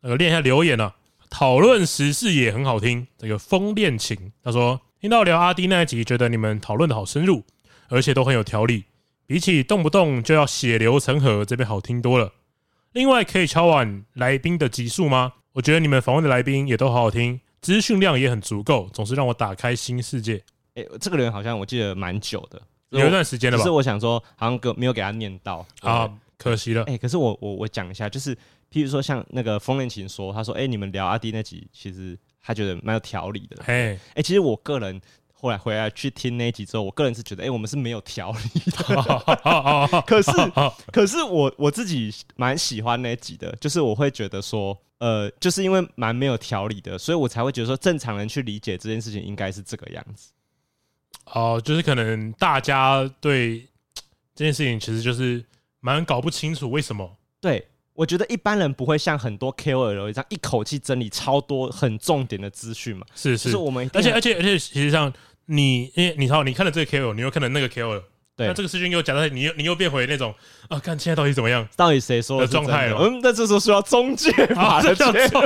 呃，念一下留言啊。討論時事也很好聽。這個風戀情他說聽到聊阿迪那一集，覺得你們討論得好深入，而且都很有條理。比起動不動就要血流成河，這邊好聽多了。另外，可以敲碗，來賓的集數嗎？我覺得你們訪問的來賓也都好好聽，資訊量也很足夠，總是讓我打開新世界。誒、欸，這個人好像我記得蠻久的，有一段時間了吧？是我想說，好像給沒有給他念到啊。嗯可惜了，欸，哎，可是我我我講一下，就是譬如說像那個風戀琴說，他說，哎，欸，你們聊阿弟那集，其實他覺得蠻有條理的，嘿，欸，哎，其實我個人後來回來去聽那集之後，我個人是覺得，哎，欸，我們是沒有條理的，可是哈哈哈哈可是我我自己蠻喜歡那集的，就是我會覺得說，呃，就是因為蠻沒有條理的，所以我才會覺得說，正常人去理解這件事情應該是這個樣子，哦，就是可能大家對這件事情其實就是。蠻搞不清楚為什麼？對，我覺得一般人不會像很多 KOL 一樣一口氣整理超多很重點的資訊嘛。是，是我們，而且而且而且，其實像你因為你好，你看了這個 KOL，你又看了那個 KOL，那這個事情又講到你又你又變回那種啊，看現在到底怎麼樣，到底誰說的狀態了？嗯，那這時候需要中介啊，的介入。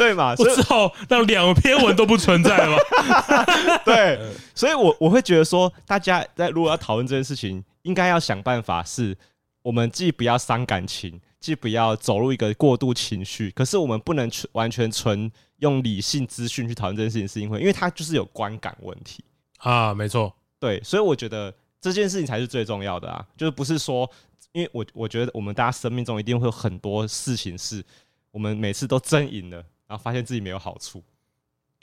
對嘛？我只好那兩篇文都不存在了。 對，所以我我會覺得說，大家在如果要討論這件事情，應該要想辦法，是我們既不要傷感情，既不要走入一個過度情緒，可是我們不能全完全純用理性資訊去討論這件事情，是因為因為它就是有觀感問題啊，沒錯。對，所以我覺得這件事情才是最重要的啊，就是不是說，因為我我覺得我們大家生命中一定會有很多事情，是我們每次都爭贏的。然後發現自己沒有好處，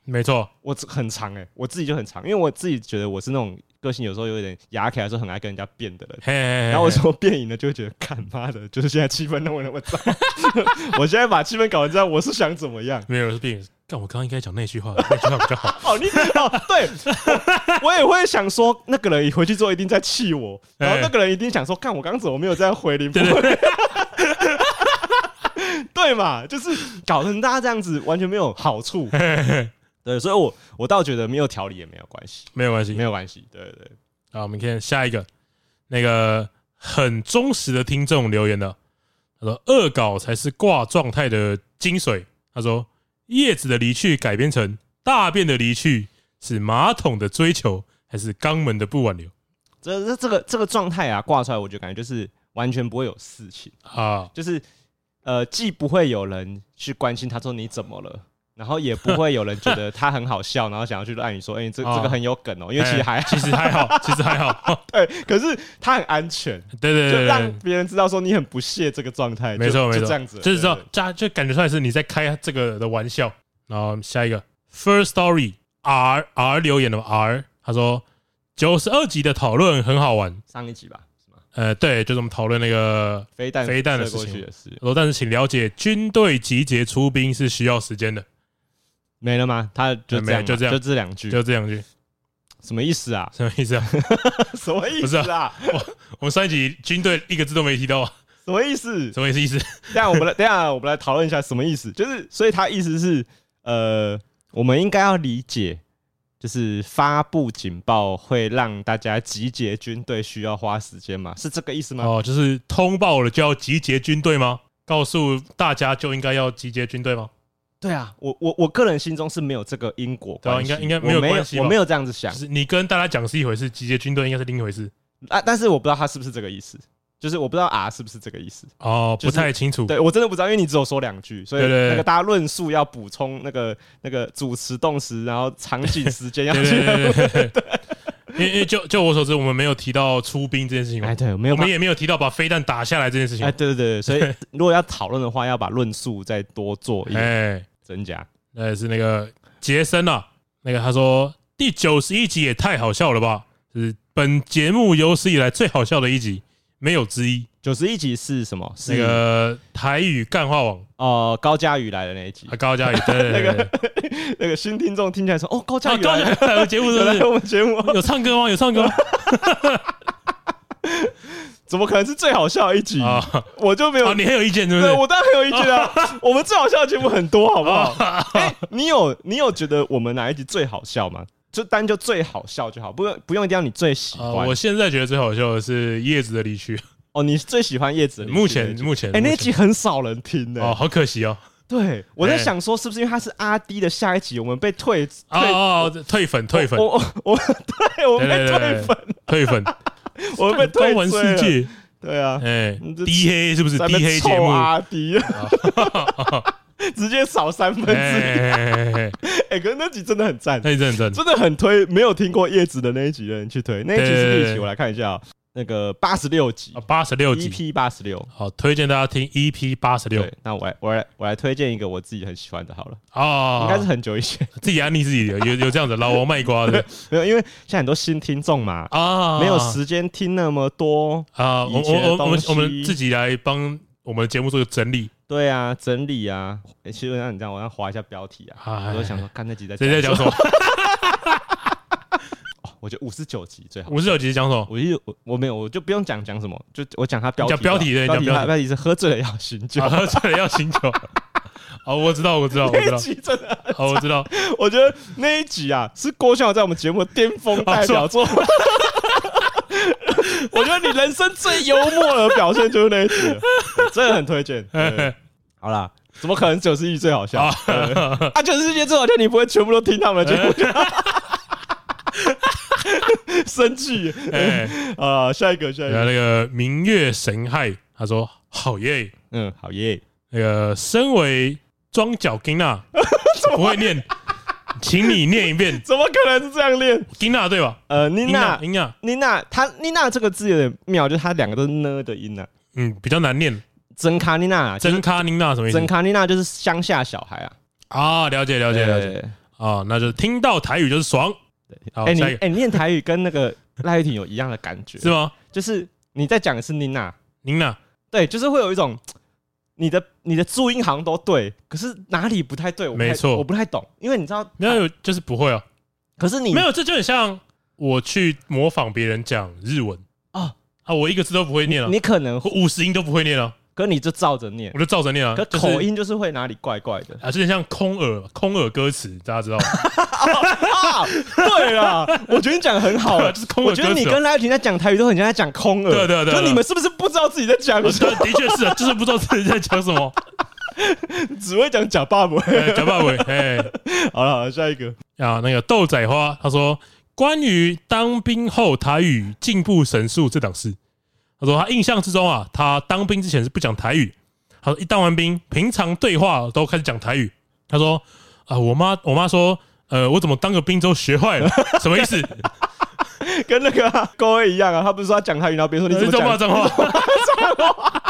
沒錯，我很長哎、欸，我自己就很長，因為我自己覺得我是那種個性有時候有點牙起來的時候很愛跟人家辯的人，然後我說我辯贏了，就會覺得看媽的，就是現在氣氛弄那麼糟， 我現在把氣氛搞成這樣，我是想怎麼樣？沒有我是辯贏，但我剛剛應該講那句話，那句話比較好 哦。哦，你知道，對，我也會想說那個人一回去之後一定在氣我，然後那個人一定想說幹我剛走我沒有這樣回你。 對嘛，就是搞成大家這樣子完全沒有好處。 對，所以我我倒覺得沒有條理也沒有關係 沒有關係，沒有關係。對對，對。好，我們看下一個那個很忠實的聽眾留言的，他說：“惡搞才是掛狀態的精髓。”他說：“葉子的離去改編成大便的離去，是馬桶的追求，還是肛門的不挽留？”這這這個這個狀態啊，掛出來我就感覺就是完全不會有事情啊，就是。呃，既不會有人去關心他說你怎麼了，然後也不會有人覺得他很好笑， 然後想要去亂語說，哎、欸，這、啊、這個很有梗哦、喔，因為其實還、啊、其實還好， 其實還好。 對，可是他很安全。對對對就讓別人知道說你很不屑這個狀態，沒錯沒錯，就這樣子就是說，加就感覺出來是你在開這個的玩笑。然後下一個，Firstory R R 留言的 R，他說九十二集的討論很好玩，上一集吧。呃，對，就是我們討論那個飛彈飛彈的事情過去的事。但是請了解，軍隊集結出兵是需要時間的。沒了嗎？他就這樣，就這樣，就這兩句，就這兩句。什麼意思啊？啊 什，啊啊 啊、什麼意思？什麼意思？不是啊！我我們上一集軍隊一個字都沒提到啊！什麼意思？什麼意思？意思？等下我們來，等下我們來討論一下什麼意思？就是，所以他意思是，呃，我們應該要理解。就是發布警報會讓大家集結軍隊需要花時間嗎？是這個意思嗎？哦，就是通報了就要集結軍隊嗎？告訴大家就應該要集結軍隊嗎？對啊，我我我個人心中是沒有這個因果關係、對啊、應該應該沒有關係，我沒有這樣子想。就是，你跟大家講是一回事，集結軍隊應該是另一回事。啊，但是我不知道他是不是這個意思。就是我不知道啊，是不是這個意思？哦，不太清楚，就是。對，我真的不知道，因為你只有說兩句，所以那個大家論述要補充那個那個主詞動詞，然後場景時間要去。因為因就就我所知，我們沒有提到出兵這件事情。哎、欸，對，我，我們也沒有提到把飛彈打下來這件事情。哎、欸，對對對。所以如果要討論的話， 要把論述再多做一點、欸。哎，真假？哎，是那個杰森啊，那個他說第九十一集也太好笑了吧？是本節目有史以來最好笑的一集。沒有之一，九十一集是什麼？是那個台語幹話王，哦，高嘉宇來的那一集，啊、高嘉宇，對，對， 那個那個新聽眾聽起來說，哦，高嘉宇，來的節目是是，來我們節目有唱歌嗎？有唱歌嗎？啊、 怎麼可能是最好笑的一集啊？我就沒有，啊、你很有意見對不是對？我當然很有意見啊，啊！我們最好笑的節目很多，好不好？啊啊啊欸、你有你有覺得我們哪一集最好笑嗎？就單就最好笑就好，不用不用一定要你最喜歡、呃。我現在覺得最好笑的是葉子的離去。哦，你最喜歡葉子的離。目前離目前，哎、欸，那集很少人聽的、欸。哦，好可惜哦。對，我在想說是不是因為他是阿滴的下一集，我們被退退哦哦哦退粉退粉。我我，我，我，對，我們被退粉對對對 退粉， 我們被高玩世界。對啊，哎、欸、，D 黑是不是 D 黑節目阿滴？哦 直接少三分之一。哎，可是那集真的很讚，那集真的很讚，真的很推。沒有聽過葉子的那一集的人去推。那一集是哪一集？我來看一下喔，那個八十六集啊，八十六集，EP 八十六。好，推薦大家聽 EP 八十六。對，那我來，我來，我來推薦一個我自己很喜歡的，好了啊，應該是很久以前自己安利自己的，有有這樣子，老王賣瓜的。 沒有，因為現在很多新聽眾嘛啊，沒有時間聽那麼多啊。uh，我們我們我們我，我，我，我們自己來幫我們節目做一個整理。對啊，整理啊，欸、其實像你這樣，我要滑一下標題啊。我都想說，看那集在講什麼。 oh, 我覺得五十九集最好。五十九集講什麼？我就我沒有，我就不用講講什麼，就我講他標題。講標題，對，標題，標題是喝醉了要醒酒。喝醉了要醒酒。好，酒 好，我知道，我知道，我知道。好，我知道。 我覺得那一集啊，是郭笑在我們節目的巔峰代表作。 我覺得你人生最幽默的表現就是那一次，欸、真的很推薦、欸嗯。好啦，怎麼可能九十一最好笑？哦嗯、啊，九十一最好笑，你不會全部都聽他們的節目？生氣！啊欸欸氣欸欸，下一個，下一個，那個明月神害，他說好耶，嗯，好耶。那個身為裝腳金啊，怎麼會念？請你念一遍， 怎麼可能是這樣念？妮、嗯、娜對吧？呃，妮娜，妮娜，妮娜，妮娜她妮娜這個字有點妙，就是它兩個都是呢的音啊，嗯，比較難念。珍卡妮娜，珍卡妮娜什麼意思？珍卡妮娜就是鄉下小孩啊。啊，了解了解了解啊、哦，那就是聽到台語就是爽。對，哎、欸、你哎、欸、念台語跟那個賴玉婷有一樣的感覺 是嗎？就是你在講的是妮娜妮娜，對，就是會有一種。你的你的注音行都對，可是哪裡不太對？我沒錯，我不太懂，因為你知道沒有就是不會啊。可是你沒有，這就很像我去模仿別人講日文啊、哦、啊！我一個字都不會念了，你，你可能會五十音都不會念了。可你就照着念，我就照着念啊。口音就是會哪裡怪怪的，就是、啊，有點像空耳、空耳歌詞，大家知道嗎、 哦啊？對啊，我覺得你講很好。就是空耳歌詞，我覺得你跟賴玉婷在講台語都很像在講空耳，對對對、對。就你們是不是不知道自己在講什麼？的確是，就是不知道自己在講什麼， 只會講假霸尾、欸，假霸尾。哎、欸，好了，下一個啊，那個豆仔花，他說關於當兵後台語進步神速這檔事。他說：“他印象之中啊，他當兵之前是不講台語。他說一當完兵，平常對話都開始講台語。他說啊、呃，我媽，我媽說，呃，我怎麼當個兵之後學壞了？什麼意思？ 跟那個、啊、郭位一樣啊，他不是說他講台語，然後別人說你怎麼真髒話麼？話話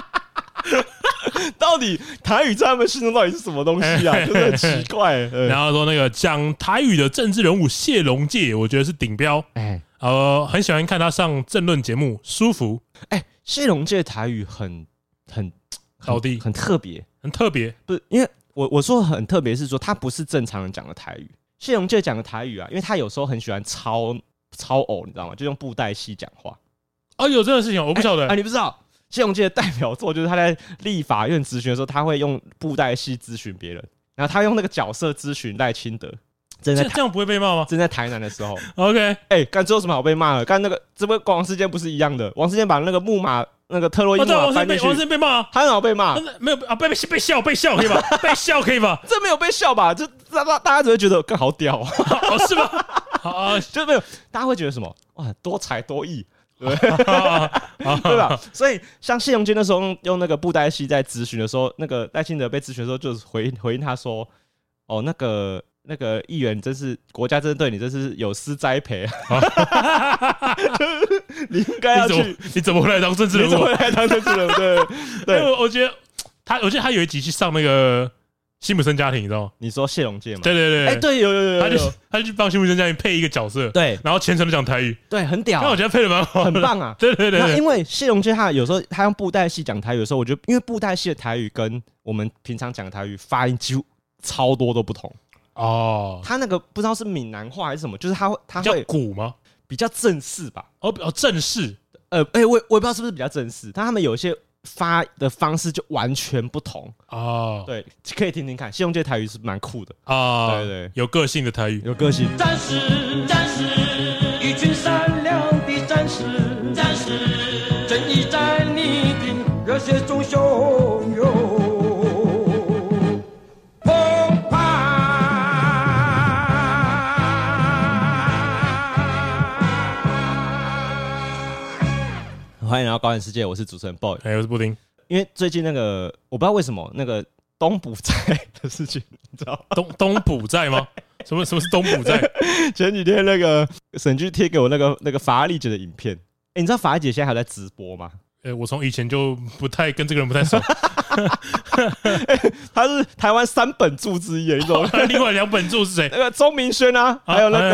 到底台語在他們心中到底是什麼東西啊？真 的很奇怪、欸。 然後他說那個講台語的政治人物謝龍介，我覺得是頂標。哎， 呃，很喜歡看他上政論節目，舒服。”哎、欸，謝龍介的台語很很高低，很特別，很特別。不是，因為我我說的很特別，是說他不是正常人講的台語。謝龍介講的台語啊，因為他有時候很喜歡超超偶，你知道嗎？就用布袋戲講話、欸。哦、啊，有這個事情，我不曉得欸欸啊，你不知道？謝龍介的代表作就是他在立法院質詢的時候，他會用布袋戲質詢別人，然後他用那個角色質詢賴清德。真的，這樣不會被罵嗎？真在台南的時候 ，OK。哎、欸，剛最後什麼好被罵了？剛那個這不跟王世堅不是一樣的？王世堅把那個木馬那個特洛伊木馬翻、哦、王世堅被罵，被罵啊，他很好被罵、啊。沒有啊，被被被笑，被笑可以嗎？被笑可以嗎？ 笑以吧 這沒有被笑吧？這大家大家只會覺得更好屌，喔 哦，是嗎？啊， 就沒有，大家會覺得什麼？哇，多才多藝，對吧， 對吧？所以像謝龍介那時候用那個布袋戲在質詢的時候，那個賴清德被質詢的時候就是回應回應他說：“哦，那個。”那個議員真是國家，真是針對你，真是有失栽培啊，啊！ 你應該去你，你怎麼會來當政治？你怎麼會來當政治人 對對對對？對，對，我我覺得他，我覺得他有一集去上那個辛普森家庭，你知道你說謝龍介嘛？對對對、欸，哎對，有有有，有，有，有他，他就他就去幫辛普森家庭配一個角色，對，然後全程都講台語對，對，很屌、啊。那我覺得配得的蠻、啊、好，很棒啊！對對對，對，因為謝龍介他有時候他用布袋戲講台語，的時候我覺得，因為布袋戲的台語跟我們平常講的台語發音幾乎超多都不同。哦、oh，他那個不知道是閩南話還是什麼，就是他會他會比較古嗎？比較正式吧？哦，比較正式。呃，哎、欸，我我也不知道是不是比較正式，但他們有一些發的方式就完全不同哦、oh。對，可以聽聽看，信用界的台語是蠻酷的哦。Oh, 對，對對，有個性的台語，有個性。暫時暫時。歡迎來到高玩世界，我是主持人 boy，hey, 我是布丁。因為最近那個，我不知道為什麼那個柬埔寨的事情，你知道柬柬埔寨嗎？嗎 什麼什麼是柬埔寨？ 前幾天那個沈劇貼給我那個那個法拉利姐的影片，哎、欸，你知道法拉姐現在還在直播嗎？哎、欸，我從以前就不太跟這個人不太熟， 欸，他是台灣三本柱之一，你知道？ 另外兩本柱是誰？ 那個鍾明軒啊，還有那個，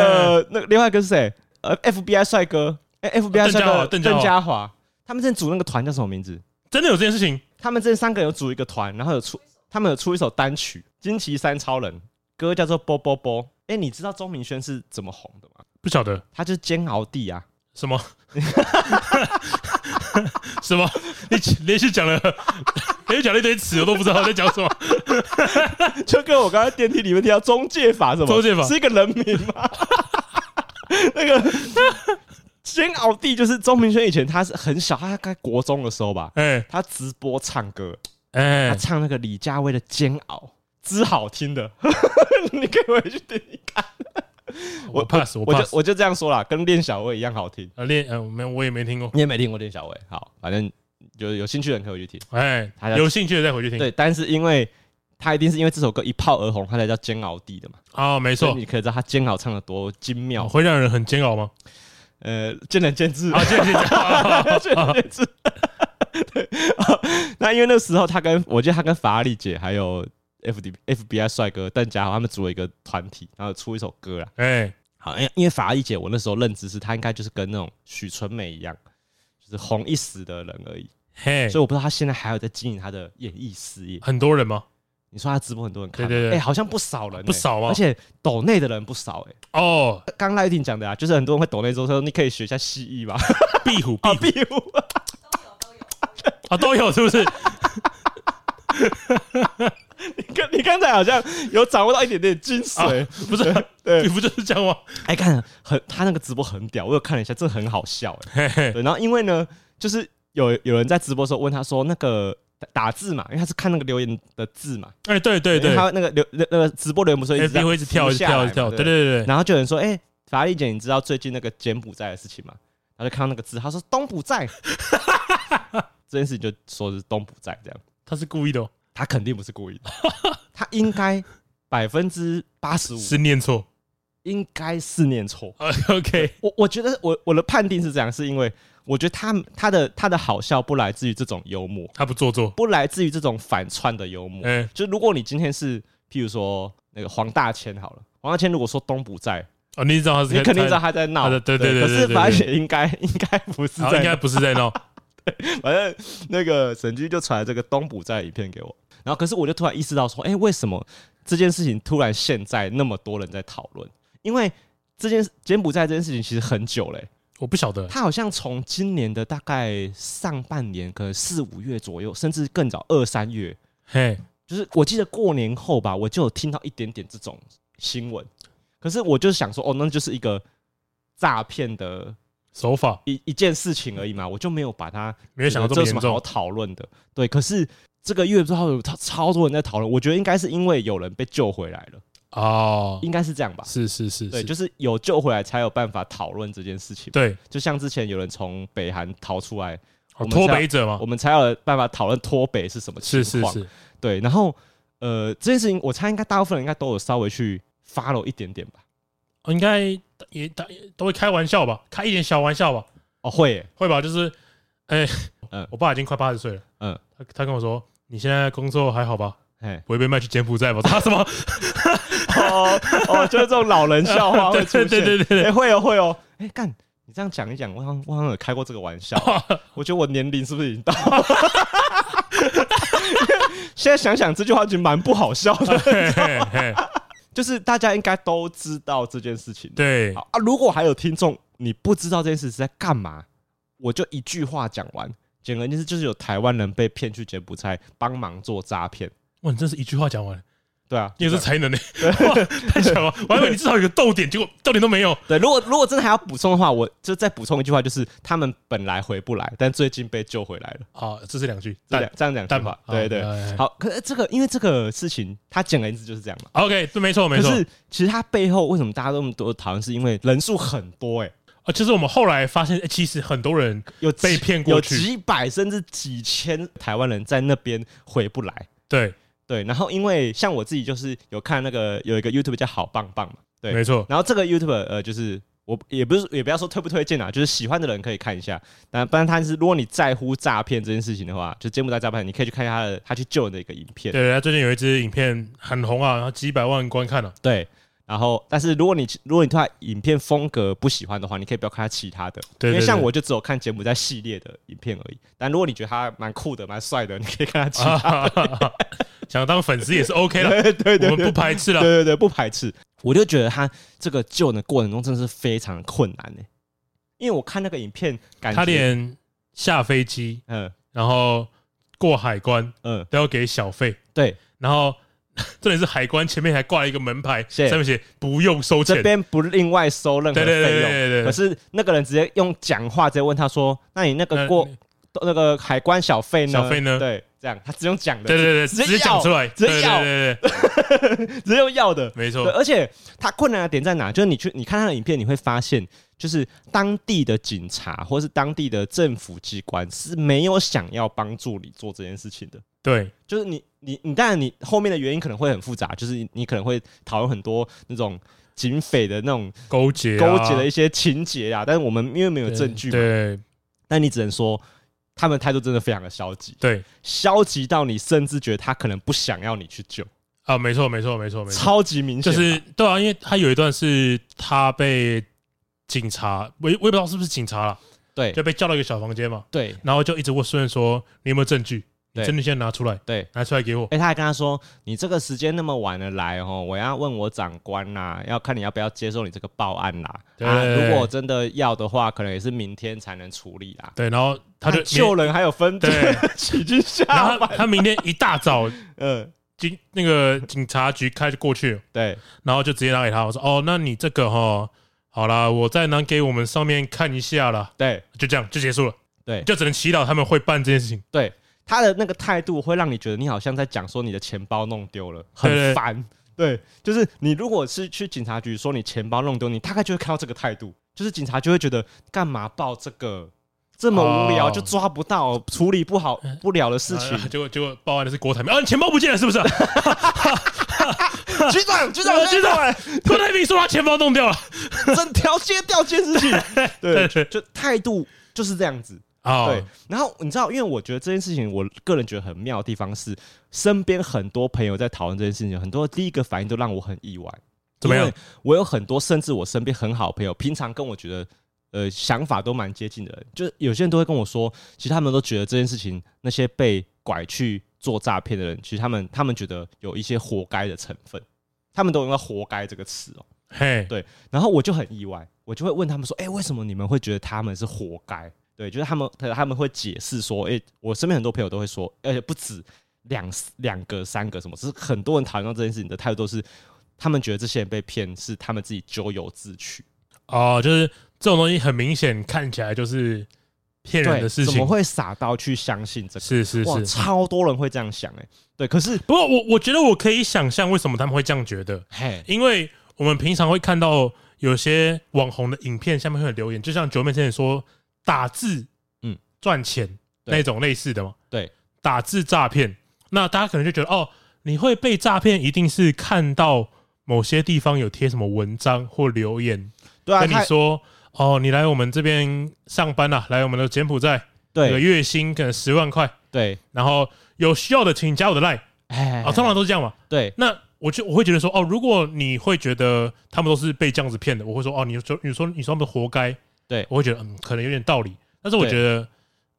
啊，那個另外一個是誰？呃，FBI 帥哥，哎、欸，FBI 帥哥鄧，啊，佳華。他們正組那個團叫什麼名字？真的有這件事情？他們這三個人有組一個團，然後有出，他們有出一首單曲《驚奇三超人》，歌叫做《波波波》。o 哎，你知道鍾明軒是怎麼紅的嗎？不曉得，他就是煎熬帝啊。什麼？ 什麼？你連續講了，連續講了一堆詞，我都不知道他在講什麼 就跟我剛才電梯裡面聽到中介法什麼？中介法是一個人名嗎？ 那個。 煎熬弟就是鍾明軒，以前他是很小，他在國中的時候吧，他直播唱歌，他唱那個李佳薇的《煎熬》，之好聽的、欸，欸欸、 你可以回去聽。一看。我怕 s 我就我就這樣說啦，跟練小薇一樣好聽。練呃，沒我也沒聽過，你也沒聽過練小薇。好，反正就有興趣的人可以回去聽。哎，有興趣的再回去聽。對，但是因為他一定是因為這首歌一炮而紅，他才叫煎熬弟的嘛。哦，沒錯，你可以知道他煎熬唱得多精妙，會讓人很煎熬嗎？呃，見仁見智 見仁見智， 見仁見智。 對、哦，那因為那時候他跟我，記得他跟法拉利姐還有 F D F B I 帥哥鄧家豪他們組了一個團體，然後出一首歌啦。哎、hey.，好，因為法拉利姐，我那時候認知是她應該就是跟那種許純美一樣，就是紅一時的人而已。嘿、hey.，所以我不知道她現在還有在經營她的演藝事業。很多人嗎？你說他直播很多人看，哎、欸，好像不少人，欸，不少啊，而且抖內的人不少哎、欸。哦，剛賴定講的啊，就是很多人會抖內，就說你可以學一下蜥蜴吧，壁虎、壁虎，啊，虎都有都有都有啊，都有啊，都有是不是？ 你剛你剛才好像有掌握到一點點精髓，啊，不是？你不就是這樣嗎？哎、欸，看很他那個直播很屌，我有看了一下，真的很好笑哎、欸。然後因為呢，就是有有人在直播的時候問他說，那個。打字嘛，因為他是看那個留言的字嘛。哎，對對對，他那個留那個直播留言不是一直、欸、會一直跳一直跳一跳，對對對。然後就有人說：“哎，法麗姐，你知道最近那個柬埔寨的事情嗎？”他就看到那個字，他說：“東埔寨。 ”這件事情就說是東埔寨這樣。他是故意的？哦，他肯定不是故意的， 他應該百分之八十五是念錯，應該是念錯、呃。OK，我我覺得我我的判定是這樣，是因為。我覺得他他的他的好笑不來自於這種幽默，他不做作，不來自於這種反串的幽默。欸、就如果你今天是，譬如說那個黃大謙好了，黃大謙如果說柬埔寨，哦，你知道他是在，你肯定知道他在鬧，在對，對，對，對，對對對。可是發現應該應該不是在鬧，應該不是在鬧。 反正那個神經就傳了這個柬埔寨影片給我，然後可是我就突然意識到說，哎、欸，為什麼這件事情突然現在那麼多人在討論？因為這件柬埔寨這件事情其實很久嘞、欸。我不曉得，他好像從今年的大概上半年，可能四五月左右，甚至更早二三月，嘿、hey，就是我記得過年後吧，我就有聽到一點點這種新聞。可是我就是想說，哦，那就是一個詐騙的手法，so、一一件事情而已嘛，我就沒有把它沒有想到這有什麼好討論的，對。可是這個月之後，有超超多人在討論，我覺得應該是因為有人被救回來了。哦、oh，應該是這樣吧。是是是、是，對，就是有救回來才有辦法討論這件事情。對、對，就像之前有人從北韓逃出來，脫北者嘛，我們才有辦法討論脫北是什麼情況。是是是、是，對。然後，呃，這件事情我猜應該大部分人應該都有稍微去 follow 一點點吧。哦，應該也也都會開玩笑吧，開一點小玩笑吧。哦，會、欸、會吧，就是，哎、欸，嗯，我爸已經快八十歲了，嗯，他他跟我說，你現在工作還好吧？我會被賣去柬埔寨嗎？他、啊、什麼？哦哦，就是這種老人笑話會出現，對對對對對、欸，會有、哦、會哦哎，幹、欸，你這樣講一講，我好像我好像有開過這個玩笑、啊。我覺得我年齡是不是已經到了、哦？現在想想這句話就蠻不好笑的。嘿嘿嘿，就是大家應該都知道這件事情。對啊，如果還有聽眾你不知道這件事是在幹嘛，我就一句話講完。簡而言之，就是有台灣人被騙去柬埔寨幫忙做詐騙。哇，你真是一句話講完，對啊，你也是才能呢、欸，太強了！我以為你至少有個逗點，結果逗點都沒有。對，如果如果真的還要補充的話，我就再補充一句話，就是他們本來回不來，但最近被救回來了。啊，這是兩句，兩這樣兩句，對對，對、啊啊啊。好，可是這個因為這個事情，它簡而言之就是這樣嘛。OK，對，沒錯沒錯。可是其實它背後為什麼大家都那麼多討論，討是因為人數很多、欸，哎，啊，就是我們後來發現，其實很多人有被騙過去，有幾，有幾百甚至幾千台灣人在那邊回不來，對。對，然後因為像我自己就是有看那個有一個 YouTuber 叫好棒棒嘛，對，沒錯。然後這個 YouTuber 呃，就是我也不是也不要說推不推薦啊，就是喜歡的人可以看一下。但但然他，就是如果你在乎詐騙這件事情的話，就柬埔寨詐騙，你可以去看一下他的他去救你的一個影片。對，他最近有一支影片很紅啊，然後幾百萬觀看了，啊。對。然後，但是如果你如果你對影片風格不喜歡的話，你可以不要看他其他的。對，對，對，對，因為像我就只有看柬埔寨系列的影片而已。但如果你覺得他蠻酷的，蠻帥的，你可以看他其他的，啊哈哈哈哈。 想當粉絲也是 OK 的。對對，對，我們不排斥啦。對對對，不排斥。我就覺得他這個救的過程中真的是非常困難呢、欸。因為我看那個影片，感覺他連下飛機，嗯，然後過海關，嗯，都要給小費。對，然後。重點是海關，前面還掛了一個門牌，上面寫“不用收錢”，這邊不另外收任何費用。對對，對對對對，可是那個人直接用講話直接問他說：“那你那個過、呃、那個海關小費呢？小費呢？”對，這樣他只用講的，對對對，直接講出來，直接要，對只 用要的，沒錯。而且他困難的點在哪？就是你去你看他的影片，你會發現，就是當地的警察，或是當地的政府機關是沒有想要幫助你做這件事情的。對，就是你，你，你，當然，你後面的原因可能會很複雜，就是你可能會討論很多那種警匪的那種勾結、啊、勾結啊、勾結的一些情節啊。但是我們因為沒有證據，對,對，但你只能說，他們態度真的非常的消極，對，消極到你甚至覺得他可能不想要你去救啊。沒錯，沒錯，沒錯，沒錯，超級明顯，就是對啊，因為他有一段是他被警察，我我也不知道是不是警察了，對，就被叫到一個小房間嘛，對，然後就一直問孫燕說，你有沒有證據？對，你真的先拿出來，對，拿出來給我、欸。哎，他還跟他說：“你這個時間那麼晚了來哦，我要問我長官吶、啊，要看你要不要接受你這個報案啦、啊。對，對，對、啊，如果我真的要的話，可能也是明天才能處理啊。對，然後他就他救人還有分隊起下他， 他明天一大早，呃，警那個警察局開就過去了。對，然後就直接拿給他，我說：哦，那你這個哈，好啦，我再拿給我們上面看一下啦。對，就這樣就結束了。對，就只能祈禱他們會辦這件事情。對。”他的那個態度會讓你覺得你好像在講說你的錢包弄丟了，很煩。對，就是你如果是去警察局說你錢包弄丟，你大概就會看到這個態度，就是警察就會覺得幹嘛報這個這麼無聊，就抓不到處理不好，oh 不，處理不好不了的事情，ah, 啊啊，結果結果報案的是郭台銘，啊，錢包不見了，是不是？ 局 長，局長，局長，郭台銘說他錢包弄掉了 整條街掉件事情。對，對，就態度就是這樣子。Oh、對，然後你知道，因為我覺得這件事情，我個人覺得很妙的地方是，身邊很多朋友在討論這件事情，很多第一個反應都讓我很意外。怎麼樣？我有很多，甚至我身邊很好的朋友，平常跟我覺得，呃，想法都蠻接近的人，就有些人都會跟我說，其實他們都覺得這件事情，那些被拐去做詐騙的人，其實他們他們覺得有一些活該的成分，他們都用到“活該”這個詞哦。嘿，對。然後我就很意外，我就會問他們說：“哎，為什麼你們會覺得他們是活該？”對，就是他們，他們他們會解釋說：“哎、欸，我身邊很多朋友都會說，而、欸、且不止兩兩個、三個什麼，只是很多人討論到這件事情的態度都是，他們覺得這些人被騙是他們自己咎由自取哦、呃，就是這種東西很明顯看起來就是騙人的事情，怎麼會傻到去相信這個？是是是哇，超多人會這樣想哎、欸，對，可是不過我我覺得我可以想象為什麼他們會這樣覺得，嘿，因為我們平常會看到有些網紅的影片下面會有留言，就像九妹之前說。”打字，嗯，賺錢那種類似的嘛。對，對，打字詐騙，那大家可能就覺得哦，你會被詐騙，一定是看到某些地方有貼什麼文章或留言，對啊，跟你說哦，你來我們這邊上班啊，來我們的柬埔寨，對，月薪可能十萬塊，對，然後有需要的，請加我的 line，哎，啊，通常都是這樣嘛，對，那我就我會覺得說哦，如果你會覺得他們都是被這樣子騙的，我會說哦，你說你說你說他們活該。對，我會覺得嗯，可能有點道理，但是我覺得，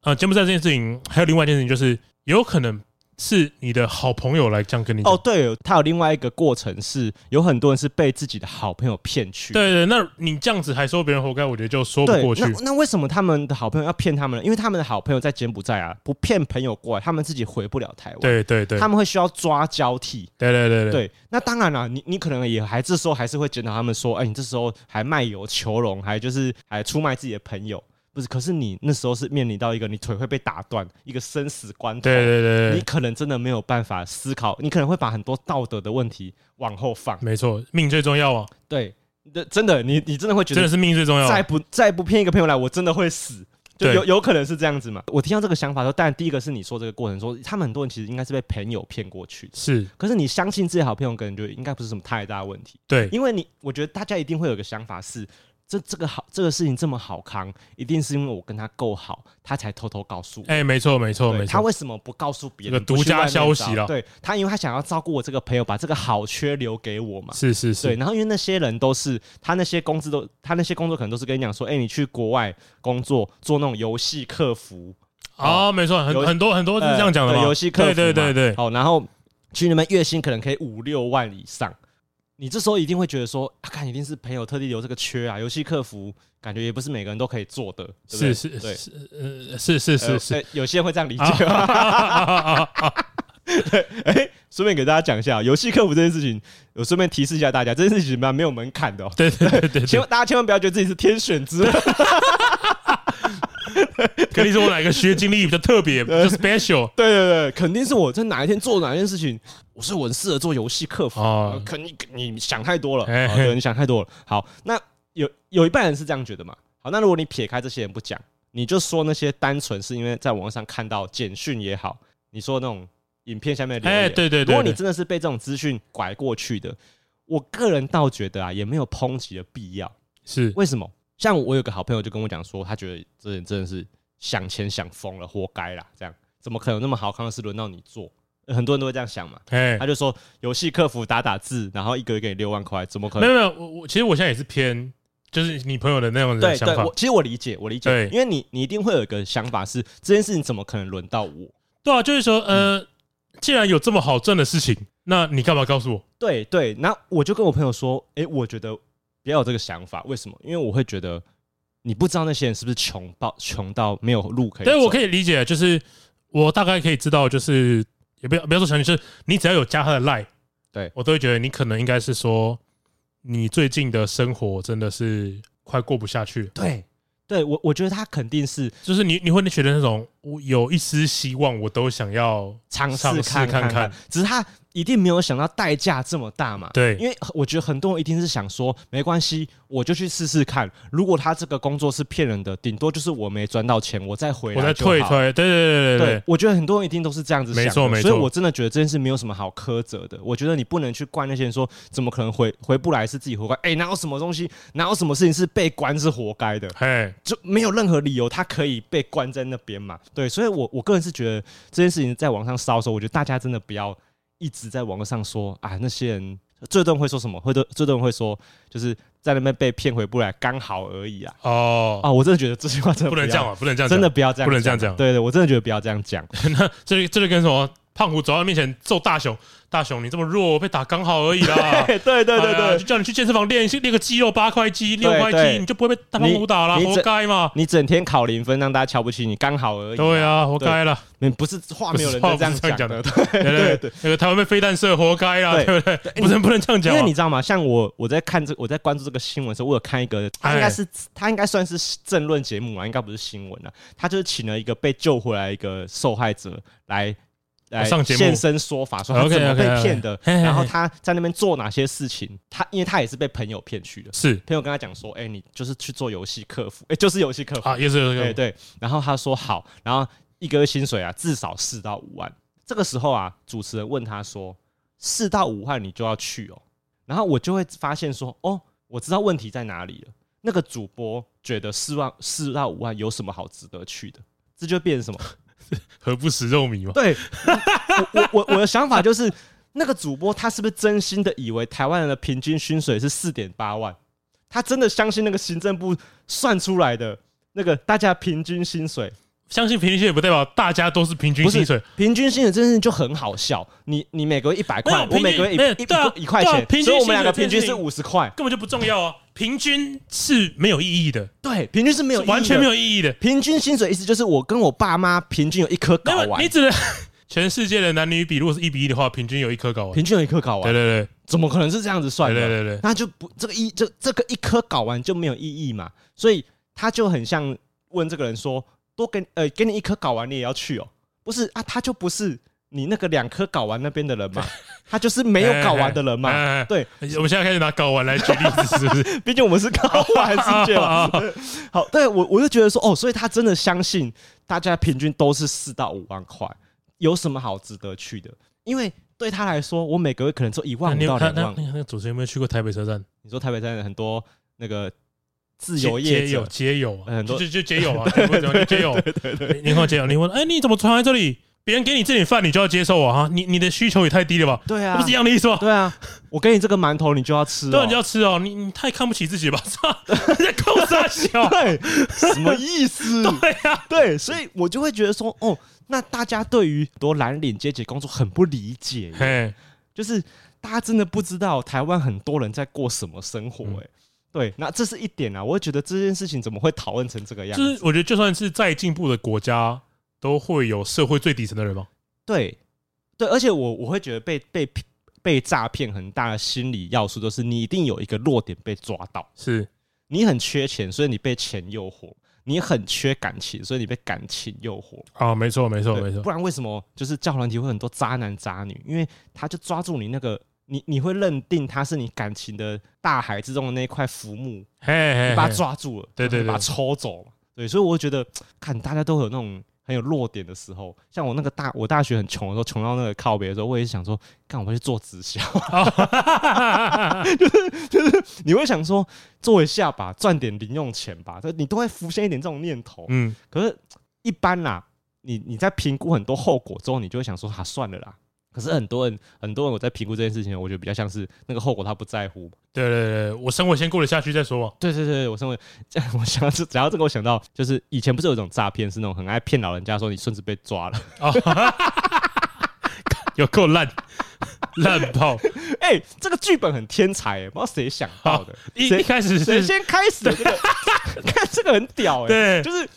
呃，柬埔寨這件事情還有另外一件事情，就是有可能。是你的好朋友來這樣跟你講，哦、oh，對，他有另外一個過程是，有很多人是被自己的好朋友騙去。對對，那你這樣子還說別人活該，我覺得就說不過去那。那為什麼他們的好朋友要騙他們呢？因為他們的好朋友在柬埔寨啊，不騙朋友過來，他們自己回不了台灣。對對對，他們會需要抓交替。對對對對。對，那當然了，你你可能也還這時候還是會檢討他們說，哎、欸，你這時候還賣友求榮，還就是還出賣自己的朋友。不是，可是你那時候是面臨到一個你腿會被打斷，一個生死關頭，對對對對，你可能真的沒有辦法思考，你可能會把很多道德的問題往後放。沒錯，命最重要啊。對，真的，你你真的會覺得真的是命最重要啊。再不再不騙一個朋友來，我真的會死，就有對有可能是這樣子嘛？我聽到這個想法說，當然第一個是你說這個過程說他們很多人其實應該是被朋友騙過去，是。可是你相信自己好朋友的，可能就應該不是什麼太大的問題。對，因為你我覺得大家一定會有個想法是。這這個好，這個事情這麼好康，一定是因為我跟他夠好，他才偷偷告訴我。哎、欸，沒錯沒錯沒錯。他為什麼不告訴別人？這個、獨家消息了。對，他因為他想要照顧我這個朋友，把這個好缺留給我嘛。是是是。然後因為那些人都是他那些工資都他那些工作可能都是跟你講說，哎、欸，你去國外工作做那種遊戲客服哦，嗯、沒錯，很很多很多人這樣講的。呃、遊戲客服對對對，對。好，然後去那邊月薪可能可以五六萬以上。你這時候一定會覺得說、啊，看一定是朋友特地留這個缺啊！遊戲客服感覺也不是每個人都可以做的，是是是呃是是是是，是，欸、有些人會這樣理解、啊。哎、啊，順、啊啊啊啊啊欸、便給大家講一下，遊戲客服這件事情，我順便提示一下大家，這件事情蠻沒有門檻的、喔，哦。對對對，對，千萬大家千萬不要覺得自己是天選之人。肯定是我哪個學經歷比較特別，就 special。對對對，肯定是我在哪一天做哪一件事情，我是很適合做遊戲客服。可、哦、你你想太多了嘿嘿，對，你想太多了。好，那有有一半人是這樣覺得嘛？好，那如果你撇開這些人不講，你就說那些單純是因為在網上看到簡訊也好，你說的那種影片下面留言，哎，對對對，對，如果你真的是被這種資訊拐過去的，我個人倒覺得啊，也沒有抨擊的必要。是。為什麼？像我有個好朋友就跟我講說，他覺得這人真的是想錢想瘋了，活該啦。這樣怎麼可能那麼好康的事輪到你做？很多人都會這樣想嘛。他就說遊戲客服打打字，然後一個月給你六萬塊，怎麼可能、欸？沒有沒有，我、欸、我、欸欸欸欸、其實我現在也是偏就是你朋友的那樣的想法、欸。欸欸欸欸、其實我理解，我理解。因為你你一定會有一個想法是這件事情怎麼可能輪到我？對啊，就是說呃，既然有這麼好賺的事情，那你幹嘛告訴我？對對，那我就跟我朋友說，誒、欸，我覺得。不要有這個想法。為什麼？因為我會覺得你不知道那些人是不是窮到窮到沒有路可以走。對，我可以理解，就是我大概可以知道，就是也不要不要說小女，就是你只要有加她的賴，對我都會覺得你可能應該是說你最近的生活真的是快過不下去了。對，對，對我我覺得他肯定是，就是你你會覺得那種。我有一絲希望，我都想要嘗試看看看，只是他一定沒有想到代價這麼大嘛？對，因為我覺得很多人一定是想說，沒關係，我就去試試看。如果他這個工作是騙人的，頂多就是我沒賺到錢，我再回來，我再退退。對，對對對，我覺得很多人一定都是這樣子想，沒錯沒錯。所以我真的覺得這件事沒有什麼好苛責的。我覺得你不能去怪那些人說，怎麼可能回回不來是自己活該？哎，哪有什麼東西，哪有什麼事情是被關是活該的？哎，就沒有任何理由，他可以被關在那邊嘛？對，所以我，我我個人是覺得這件事情在網上燒的時候，我覺得大家真的不要一直在網絡上說啊，那些人，最多人會說什麼？會最多最多人會說，就是在那邊被騙回不來，剛好而已啊。哦、oh, 啊，我真的覺得這句話真的不，不能這樣、啊、能這樣真的不要這樣、啊，不能這樣講、啊。對，對對，我真的覺得不要這樣講。 這個、這就、個、跟什麼？胖虎走到面前揍大雄，大雄你這麼弱，我被打剛好而已啦。對對對對，就叫你去健身房練一練個肌肉，八塊肌六塊肌，你就不會被胖虎打了，活該嘛！你整天考零分，讓大家瞧不起你，剛好而已。對啊，活該啦。不是，話沒有人在這樣講的，對對對，那個台灣被飛彈射，活該啦，對不對？不能不能這樣講。因為你知道嗎？像我我在看這我在關注這個新聞的時候，我有看一個，他應該是他應該算是政論節目嘛，應該不是新聞啊。他就是請了一個被救回來一個受害者來。來上節目現身說法，說他怎麼被騙的，然後他在那邊做哪些事情？他因為他也是被朋友騙去的，是朋友跟他講說：“哎，你就是去做遊戲客服，哎，就是遊戲客服啊，也是遊戲對對。”然後他說：“好。”然後一個月薪水啊，至少四到五萬。這個時候啊，主持人問他說：“四到五萬，你就要去哦？”然後我就會發現說：“哦，我知道問題在哪裡了。”那個主播覺得四萬四到五萬有什麼好值得去的？這就變成什麼？何不食肉糜嘛？對，我我我我的想法就是，那個主播他是不是真心的以為台灣人的平均薪水是四點八萬？他真的相信那個行政部算出來的那個大家平均薪水。相信平均薪水也不代表大家都是平均薪水，平均薪水真的就很好笑。你你每個月一百塊，我每個月一、那個對啊、一塊錢，啊啊、平均，所以我們兩個平均是五十塊，根本就不重要啊。平均是沒有意義的，對，平均是沒有意義的，是完全沒有意義的。平均薪水意思就是我跟我爸媽平均有一顆睪丸，你只能全世界的男女比，如果是一比一的話，平均有一顆睪丸，平均有一顆睪丸，對對對，怎麼可能是這樣子算的，啊？對，對對對，那就不這個一這這個一顆睪丸就沒有意義嘛？所以他就很像問這個人說。多給呃，給你一顆睪丸，你也要去哦、喔，不是啊，他就不是你那個兩顆睪丸那邊的人嘛， 他就是沒有睪丸的人嘛。嘿嘿嘿嘿對，我們現在開始拿睪丸來舉例子，是不是？ 畢竟我們是睪丸世界、 啊啊啊。好，對，我我就覺得說，哦，所以他真的相信大家平均都是四到五萬塊，有什麼好值得去的？因為對他來說，我每個月可能做一萬到兩萬。那那那那主持人有沒有去過台北車站？你說台北車站很多那個。自由業者，街友。很多就就街友啊，對，對，對，對。街友，你好街友，你問，哎，你怎麼躺在這裡？別人給你這點飯，你就要接受啊？哈，你你的需求也太低了吧？對啊，不是一樣的意思嗎？對啊，我給你這個饅頭，你、哦啊你個饅頭你哦，你就要吃，對，你要吃哦。你你太看不起自己吧哈哈？是看不起啊？對，什麼意思對、啊？對啊，對，所以我就會覺得說，哦，那大家對於很多藍領階級工作很不理解，哎，就是大家真的不知道台灣很多人在過什麼生活，哎。對，那這是一點啊，我覺得這件事情怎麼會討論成這個樣子？就是我覺得，就算是再進步的國家，都會有社會最底層的人嗎？對，對，而且我我會覺得被被被詐騙很大的心理要素，就是你一定有一個弱點被抓到，是你很缺錢，所以你被錢誘惑；你很缺感情，所以你被感情誘惑。啊、哦，沒錯，沒錯，沒錯，不然為什麼就是教團體會很多渣男渣女？因為他就抓住你那個。你你會認定他是你感情的大海之中的那塊浮木，hey, hey, hey, 你把他抓住了，對對、對、對把他抽走了。對，所以我覺得看大家都有那種很有弱點的時候，像我那個大我大學很窮的時候，窮到那個靠北的時候，我也想說幹，我不去做直銷，oh, 哈哈哈哈 就是就是你會想說做一下吧，賺點零用錢吧，你都會浮現一點這種念頭。嗯，可是一般啦，你你在評估很多後果之後，你就會想說哈、啊，算了啦。可是很多人，很多人我在評估這件事情，我覺得比較像是那個後果他不在乎嘛，對對對，我生活先過得下去再說，對對對，我生活，我想到，然後這個我想到，就是以前不是有一種詐騙，是那種很愛騙老人家說你孫子被抓了，哦 有夠爛，有夠爛爛炮！哎，這個劇本很天才，欸，不知道誰想到的。一一開始誰先開始的這個？看這個很屌哎，欸，對，就是。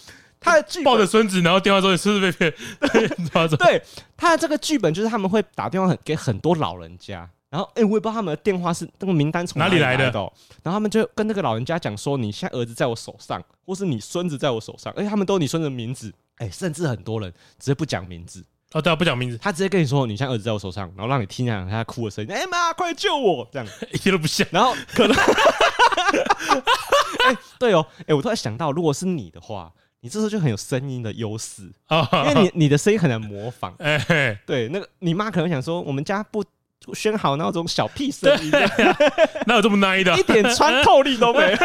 他的劇本抱着孫子，然後電話說你是不是被騙？對，他的這個劇本就是他們會打電話給很多老人家，然後哎，我也不知道他們的電話是那個名單從哪裡來的哦，然後他們就跟那個老人家講說，你現在兒子在我手上，或是你孫子在我手上，而且，他們都有你孫子的名字，哎，甚至很多人直接不講名字哦，對，不講名字，他直接跟你說你現在兒子在我手上，然後讓你聽一下他哭的聲音，哎媽，快救我，這樣一點都不像，然後可能、欸，對哦，哎，我突然想到，如果是你的話。你這時候就很有聲音的優勢，因為你你的聲音很難模仿。對，那個你媽可能想說，我們家不宣好那種小屁聲音，哪有這麼奶的，一點穿透力都沒有。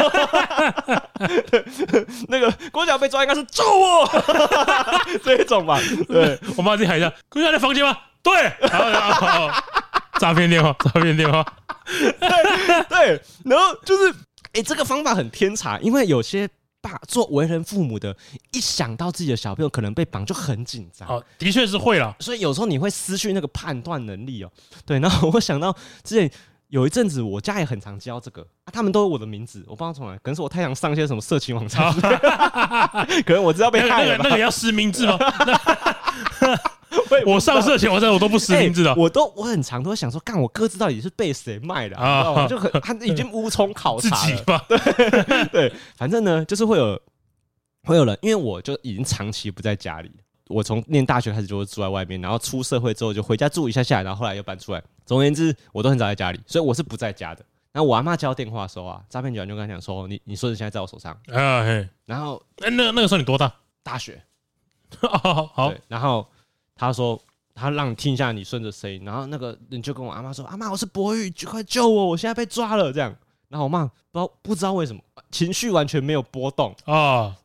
那個郭嘉被抓應該是揍我這一種吧？對，我媽就喊一下：“郭嘉在房間嗎？”對，然後然後，詐騙電話，詐騙電話，對對。然後就是，哎，這個方法很天才，因為有些。爸做為人父母的，一想到自己的小朋友可能被綁，就很緊張。啊、哦，的確是會了，所以有時候你會失去那個判斷能力哦。對，然後我想到之前有一陣子，我家也很常接到這個、啊，他們都有我的名字，我不知道從哪，可能是我太常上一些什麼色情網站是不是，哦、 可能我知道被害了、那個那也、個那個、要實名制嗎？ 我上市前，我真我都不識名字的，我都我很常都會想說，幹我哥子到底是被誰賣的啊？啊就很他已經無從考察了自己吧對？ 對，反正呢，就是會有會有人，因為我就已經長期不在家裡。我從念大學開始就會住在外面，然後出社會之後就回家住一下下來，然後後來又搬出來。總而言之，我都很少在家裡，所以我是不在家的。然後我阿媽接到電話的時候啊，詐騙集團就跟他講說：“你你孫子現在在我手上。啊”然後、欸、那那那個時候你多大？大學。好，然後。他說他讓你聽一下，你順着聲音，然後那個人就跟我阿媽說：“阿媽，我是博宇，快救我，我現在被抓了。”這樣，然後我媽不知道，不知道為什麼情緒完全沒有波動啊、哦！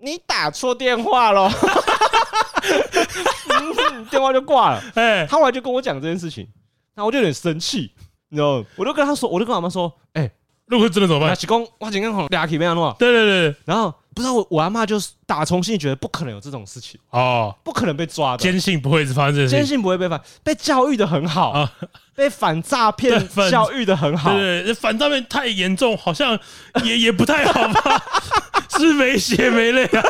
你打錯電話了、 嗯，電話就掛了。哎，他後來就跟我講這件事情，然後我就有點生氣，你知道，我就跟他說，我就跟我媽說：“哎、欸，如果真的怎麼辦？”如果是說我真的抓去要怎樣？對對對、對，然後。不知道我，我阿媽就是打從心裡覺得不可能有這種事情哦，不可能被抓的，堅信不會發生，堅信不會被反，被教育的很好，啊、被反詐騙教育的很好，對，對，對，反詐騙太嚴重，好像也也不太好吧。 是沒血沒淚啊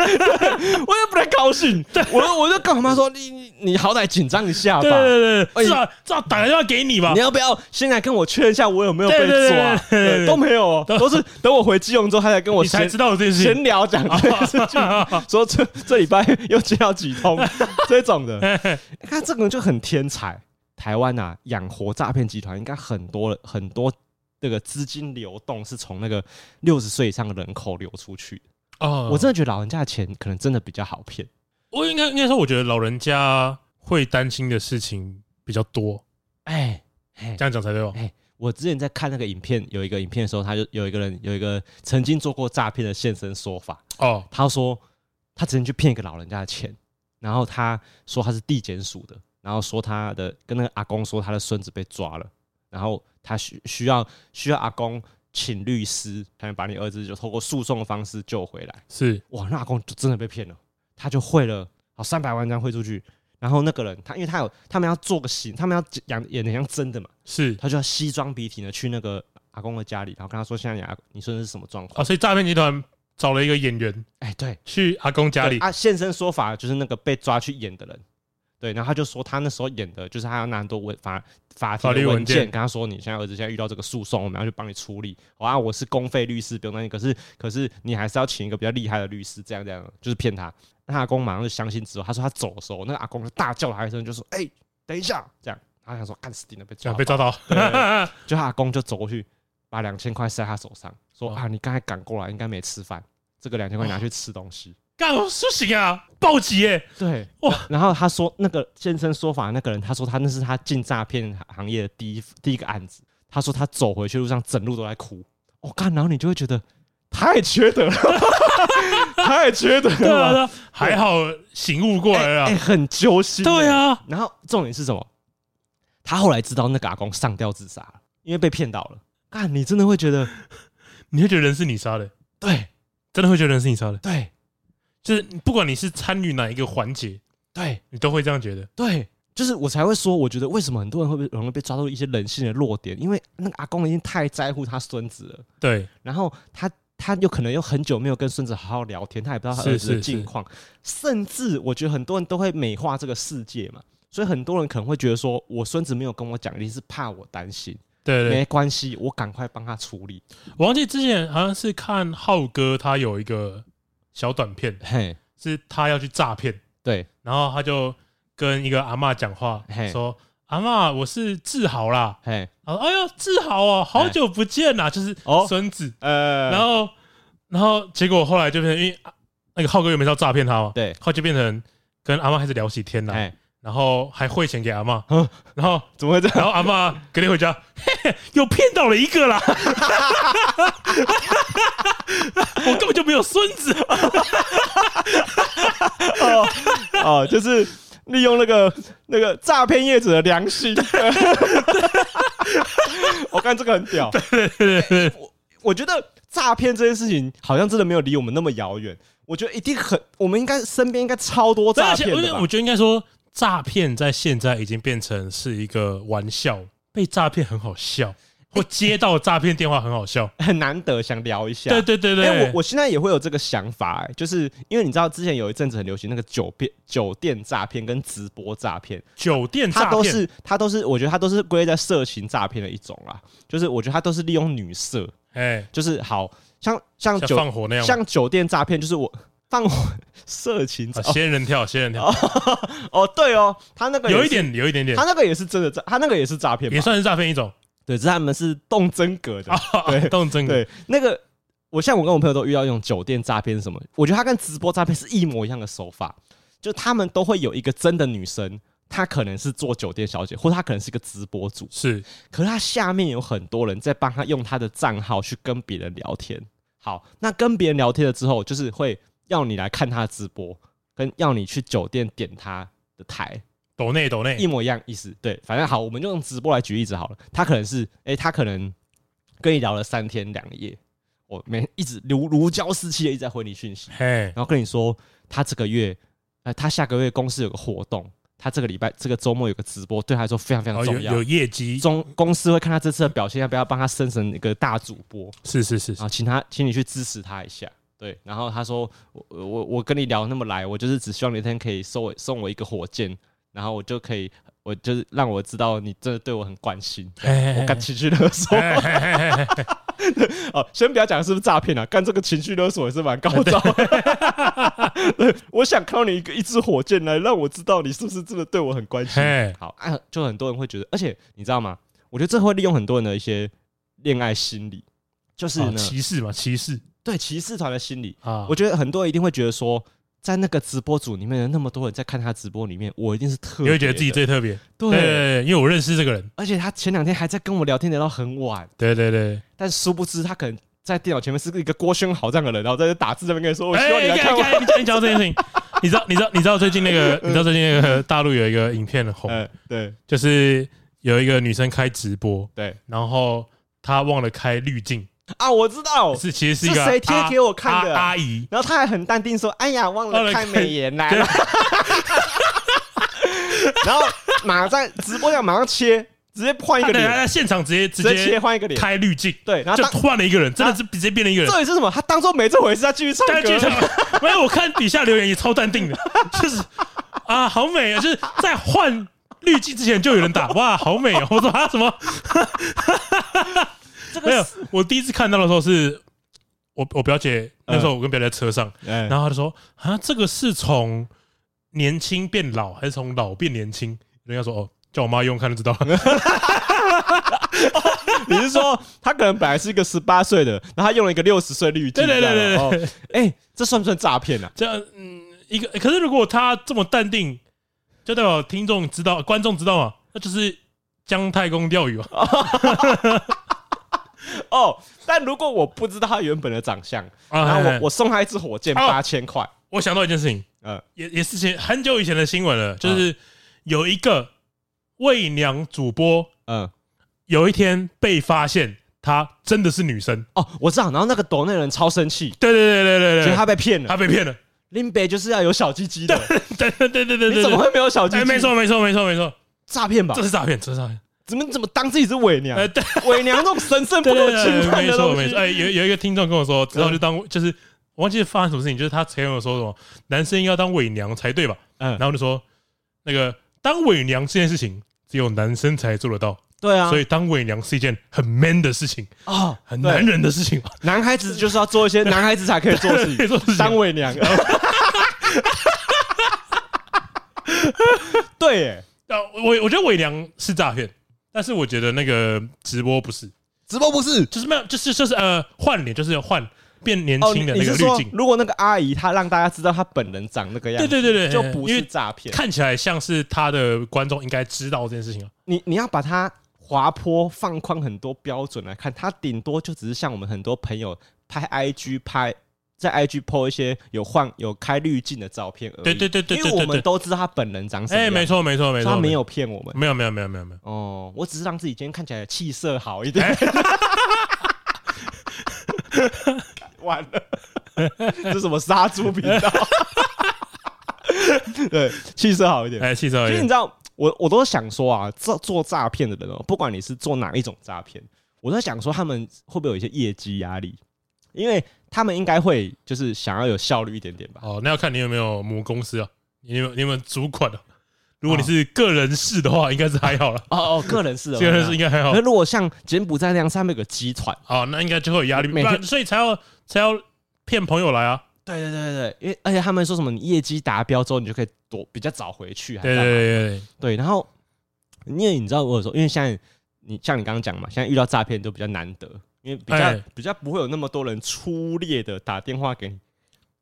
我也不太高興。對，我就我就跟我媽說：“你，你好歹緊張一下吧。”對對對，是吧？這打來就要給你嘛。你要不要先來跟我確認一下，我有沒有被抓？對對對對對對對對，都沒有，都、都是等我回基隆之後，他才跟我先你才知道我這件事。閒聊講，講這 說這這禮拜又接到幾通 這種的，看這個人就很天才。台灣啊，養活詐騙集團應該很多很多。很多那個資金流動是從那個六十歲以上的人口流出去。我真的覺得老人家的錢可能真的比較好騙。我應該應該說，我覺得老人家會擔心的事情比較多。哎，這樣講才對哦。哎，我之前在看那個影片，有一個影片的時候，他就有一個人有一個曾經做過詐騙的現身說法哦。他說他曾經去騙一個老人家的錢，然後他說他是地檢署的，然後說他的跟那個阿公說他的孫子被抓了，然後。他需需要需要阿公請律師，才能把你兒子就透過訴訟的方式救回來。是哇，那阿公就真的被騙了，他就匯了好三百萬這樣匯出去。然後那個人，他因為他有他們要做個戲，他們要演演的像真的嘛，是，他就要西裝筆挺的去那個阿公的家裡，然後跟他說現在你阿你說的是什麼狀況，欸、啊，所以詐騙集團找了一個演員？哎，對，去阿公家裡他現身說法，就是那個被抓去演的人。對，然後他就說他那時候演的就是他要拿很多文法法律文件跟他說，你現在兒子現在遇到這個訴訟，我們要去幫你處理。哦。啊，我是公費律師，不用擔心，可是可是你還是要請一個比較厲害的律師，這樣這樣，就是騙他。那他阿公馬上就相信之後，他說他走的時候，那個阿公就大叫了他一聲，就說：“哎，等一下！”這樣，他想說：“幹死定了，被抓到。”就他阿公就走過去，把兩千塊塞在他手上，說：“啊，你剛才趕過來，應該沒吃飯，這個兩千塊拿去吃東西。”幹蘇醒啊，暴擊耶、欸！對哇，然後他說那個現身說法的那個人，他說他那是他進詐騙行業的第一第一個案子。他說他走回去路上，整路都在哭。哦，幹，然後你就會覺得太缺德了， 太缺德了， 缺德了對、啊對。還好醒悟過來了，哎、欸欸，很揪心、欸。對啊，然後重點是什麼？他後來知道那個阿公上吊自殺，因為被騙到了。幹，你真的會覺得，你會覺得人是你殺的？對，真的會覺得人是你殺的？對。就是不管你是參與哪一個環節，對，你都會這樣覺得。對，就是我才會說，我覺得為什麼很多人會被容易被抓到一些人性的弱點，因為那個阿公已經太在乎他孫子了。對，然後他他又可能又很久沒有跟孫子好好聊天，他也不知道他兒子的近況。是是是是，甚至我覺得很多人都會美化這個世界嘛，所以很多人可能會覺得說，我孫子沒有跟我講，一定是怕我擔心。對，對，沒關係，我趕快幫他處理。我忘記之前好像是看浩哥他有一個。小短片，嘿，是他要去詐騙，對，然後他就跟一個阿嬤講話 hey, 說，說阿嬤，我是志豪啦，嘿，哦，哎呀，志豪哦，喔，好久不見啦，hey, 就是孫子，呃，然後，然後結果後來就變成，因為那個浩哥又沒招詐騙他嘛，對，後就變成跟阿嬤開始聊起天了，啊，然後還匯錢給阿嬤，然後怎麼會這樣？然後阿嬤隔天回家，又騙到了一個啦。 就是利用那個那個詐騙業者的良心， 我看這個很屌。對對對，我覺得詐騙這件事情好像真的沒有離我們那麼遙遠。我覺得一定很，我們應該身邊應該超多詐騙的。我覺得應該說，詐騙在現在已經變成是一個玩笑，被詐騙很好笑。或接到詐騙電話很好笑，， 很難得，想聊一下。對對對對、欸，我我現在也會有這個想法、欸，就是因為你知道，之前有一陣子很流行那個酒店酒店詐騙跟直播詐騙，酒店詐騙，它都是，它都，是它都是，我覺得它都是歸在色情詐騙的一種啦。就是我覺得它都是利用女色，哎、欸，就是好像像，酒像放火那樣，像酒店詐騙，就是我放色情，啊、仙人跳，仙人跳，哦， 哦對哦，他那個有一點有一點點，他那個也是真的詐，他那個也是詐騙，也算是詐騙一種。對，可是他們是動真格的，oh, 對，動真格。那個，我像我跟我朋友都遇到一種酒店詐騙什麼，我覺得他跟直播詐騙是一模一樣的手法，就他們都會有一個真的女生，她可能是做酒店小姐，或她可能是一個直播主，是，可是她下面有很多人在幫她用她的賬號去跟別人聊天。好，那跟別人聊天了之後，就是會要你來看她的直播，跟要你去酒店點她的台。斗內斗內一模一樣意思，對，反正好，我們就用直播來舉例子，好了。他可能是，哎，他可能跟你聊了三天兩夜，我沒一直如如膠似漆的一直在回你訊息，然後跟你說，他這個月，哎，他下個月公司有個活動，他這個禮拜這個週末有個直播，對他來說非常非常重要，哦，有，有業績，中公司會看他這次的表現，要不要幫他升成一個大主播？是是是，是，然後請他，請你去支持他一下，對，然後他說，我我跟你聊那麼來，我就是只希望你一天可以送我送我一個火箭。 然後我就可以，我就是讓我知道你真的對我很關心。我情緒勒索。先不要講是不是詐騙啊，干這個情緒勒、oui. 啊、索也是蠻高招的。 我想靠你一個一支火箭來讓我知道你是不是真的對我很關心。好啊啊，就很多人會覺得，而且你知道嗎？我覺得這會利用很多人的一些戀愛心理就、uh,，就是歧視嘛，歧視，對歧視團的心理我覺得很多人一定會覺得說。在那個直播組裡面有那麼多人在看他直播裡面，我一定是特別你會覺得自己最特別，對,對,對,對，因為我認識這個人，而且他前兩天還在跟我聊天聊到很晚，對對對,對。但是殊不知他可能在電腦前面是一個郭兄好這樣的人，然後在這打字這邊跟你說，我希望你來看我、欸。你講你講這件事情，你知道 你知道你知道最近那個你知道最近那個大陸有一個影片很紅，對、嗯嗯嗯嗯，就是有一個女生開直播，對，然後她忘了開濾鏡。啊，我知道是，是其實是一個誰、啊、貼給我看的阿姨，然後他還很淡定說：“哎呀，忘了開美顏，啦、啊。” 然後馬上在直播上馬上切，直接換一個臉、啊，在、啊啊、現場直接直接切換一個臉、啊，啊啊、直接直接個開濾鏡，對，然後就換了一個人，真的是直接變了一個人、啊。到底是什麼？他當作沒這回事，他繼續唱歌。沒有， 我看底下留言也超淡定的，就是啊，好美啊，就是在換濾鏡之前就有人打哇，好美啊！我說他、啊、什麼？ 這個、是沒有，我第一次看到的時候是我，我我表姐那時候，我跟表姐在車上，嗯、然後她就說啊，這個是從年輕變老還是從老變年輕？人家說哦，叫我媽用看就知道了、 哦。你是說她可能本來是一個十八歲的，然後她用了一個六十歲的濾鏡？對對對對對。哎、哦欸，這算不算詐騙啊？這樣嗯一個、欸，可是如果她這麼淡定，就代表聽眾知道、觀眾知道嘛？那就是姜太公釣魚啊、哦。 哦，但如果我不知道他原本的長相啊，然後啊，我啊我送他一支火箭八千塊。我想到一件事情，呃、嗯，也也是前很久以前的新聞了，就是有一個偽娘主播，嗯、啊，有一天被發現他真的是女生哦、啊，我知道。然後那個抖那個人超生氣，對對對對對對，覺得他被騙了，他被騙了。林北就是要有小雞雞，的，對對，對對對對對，你怎麼會沒有小雞雞？沒錯沒錯沒錯沒錯，詐騙吧，這是詐騙，這是詐騙。怎麼怎麼當自己是偽娘？哎，對，偽娘那種神聖不能侵犯的對對對。我跟你說，我跟你說，哎，有有一個聽眾跟我說，然後就當就是我忘記發生什麼事情，就是他朋友說什麼男生應該要當偽娘才對吧？嗯，然後就說那個當偽娘這件事情只有男生才做得到，對啊，所以當偽娘是一件很 man 的事情啊、哦，很男人的事情，男孩子就是要做一些男孩子才可以做事情，做事情當偽娘。嗯、 對耶，哎，我我覺得偽娘是詐騙。但是我覺得那個直播不是直播，不是就是沒有，就是就是呃換臉，就是要換變年輕的那個濾鏡。如果那個阿姨她讓大家知道她本人長那個樣，對對對對，就不是詐騙。看起來像是他的觀眾應該知道這件事情啊，你你要把它滑坡放寬很多標準來看，他頂多就只是像我們很多朋友拍 IG 拍。在 IG po 一些有換有開濾鏡的照片而已，對對對對，因為我們都知道他本人長什麼樣，哎，沒錯沒錯沒錯，他沒有騙我們，沒有沒有沒有沒有沒有，哦，我只是讓自己今天看起來氣色好一點，完了，這什麼殺豬頻道？對，氣色好一點，哎，氣色好一點。其實你知道，我我都想說啊，做做詐騙的人，哦，不管你是做哪一種詐騙，我在想說他們會不會有一些業績壓力，因為。他們應該會就是想要有效率一點點吧？哦，那要看你有沒有母公司啊，你有沒有你們主管啊。如果你是個人事的話，應該是還好了，哦。哦哦，個人事，個人事應該還好，啊。那如果像柬埔寨那樣，上面有個集團，啊、哦，那應該就會有壓力。每天，所以才要才要騙朋友來啊。對對對對對，因為而且他們說什麼，你業績達標之後，你就可以躲比較早回去。對對對，對對對對。然後，因為你知道我有時候因為現在你像你剛剛講嘛，現在遇到詐騙都比較難得。因為比較比較不會有那麼多人粗略的打電話給你，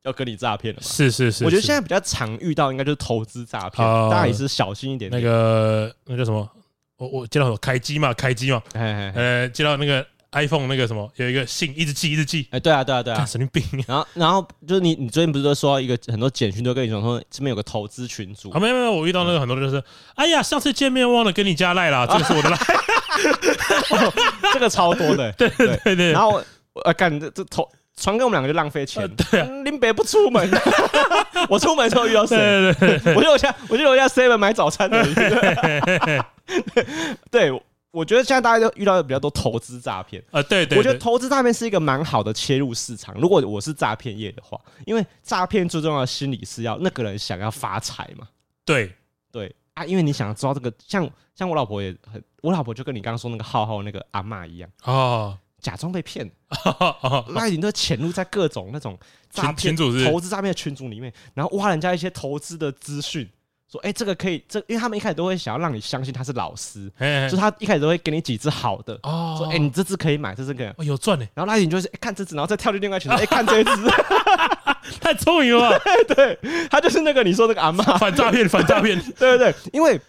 要跟你詐騙了嘛？是是是，是，我覺得現在比較常遇到應該就是投資詐騙，大家也是小心一點，點。那個那叫什麼？我我接到說開機嘛，開機嘛。哎哎呃，接到那個 iPhone 那個什麼，有一個信一直寄一直寄。哎，對啊對啊對啊，神經病、啊？然後然後就是你你最近不是都說一個很多簡訊都跟你說說這邊有個投資群組？啊，沒有沒有，我遇到那個很多人，就是，哎呀，上次見面忘了跟你加賴啦。這個是我的賴、啊。 oh, 這個超多的，欸，對，對對對，然後我感覺這投傳給我們兩個就浪費錢，呃。對，啊，林北不出門 我出門之後遇到誰？對對對，對 我我，我覺得我家，我覺得我家 seven 買早餐的。 對，對，對，對，對，我覺得現在大家都遇到的比較多投資詐騙。啊，對對，對。我覺得投資詐騙是一個蠻好的切入市場。如果我是詐騙業的話，因為詐騙最重要的心理是要那個人想要發財嘛。對對。啊，因為你想要知道這個，像、像我老婆也很，我老婆就跟你剛剛說那個浩浩那個阿嬤一樣啊，oh. 假裝被騙，那，oh. oh. oh. 你都潛入在各種那種詐騙投資詐騙的群組裡面，然後挖人家一些投資的資訊。說哎、欸，這個可以，這因為他們一開始都會想要讓你相信他是老師，就他一開始都會給你幾隻好的哦。說哎，你這隻可以買，這隻可以，哦、有賺嘞。然後那你就是、欸、看這隻，然後再跳進另外一群，哎，看這隻，哦、太聰明了。 對，對，對他就是那個你說的那個阿嬤反詐騙，反詐騙，對不對，對？因為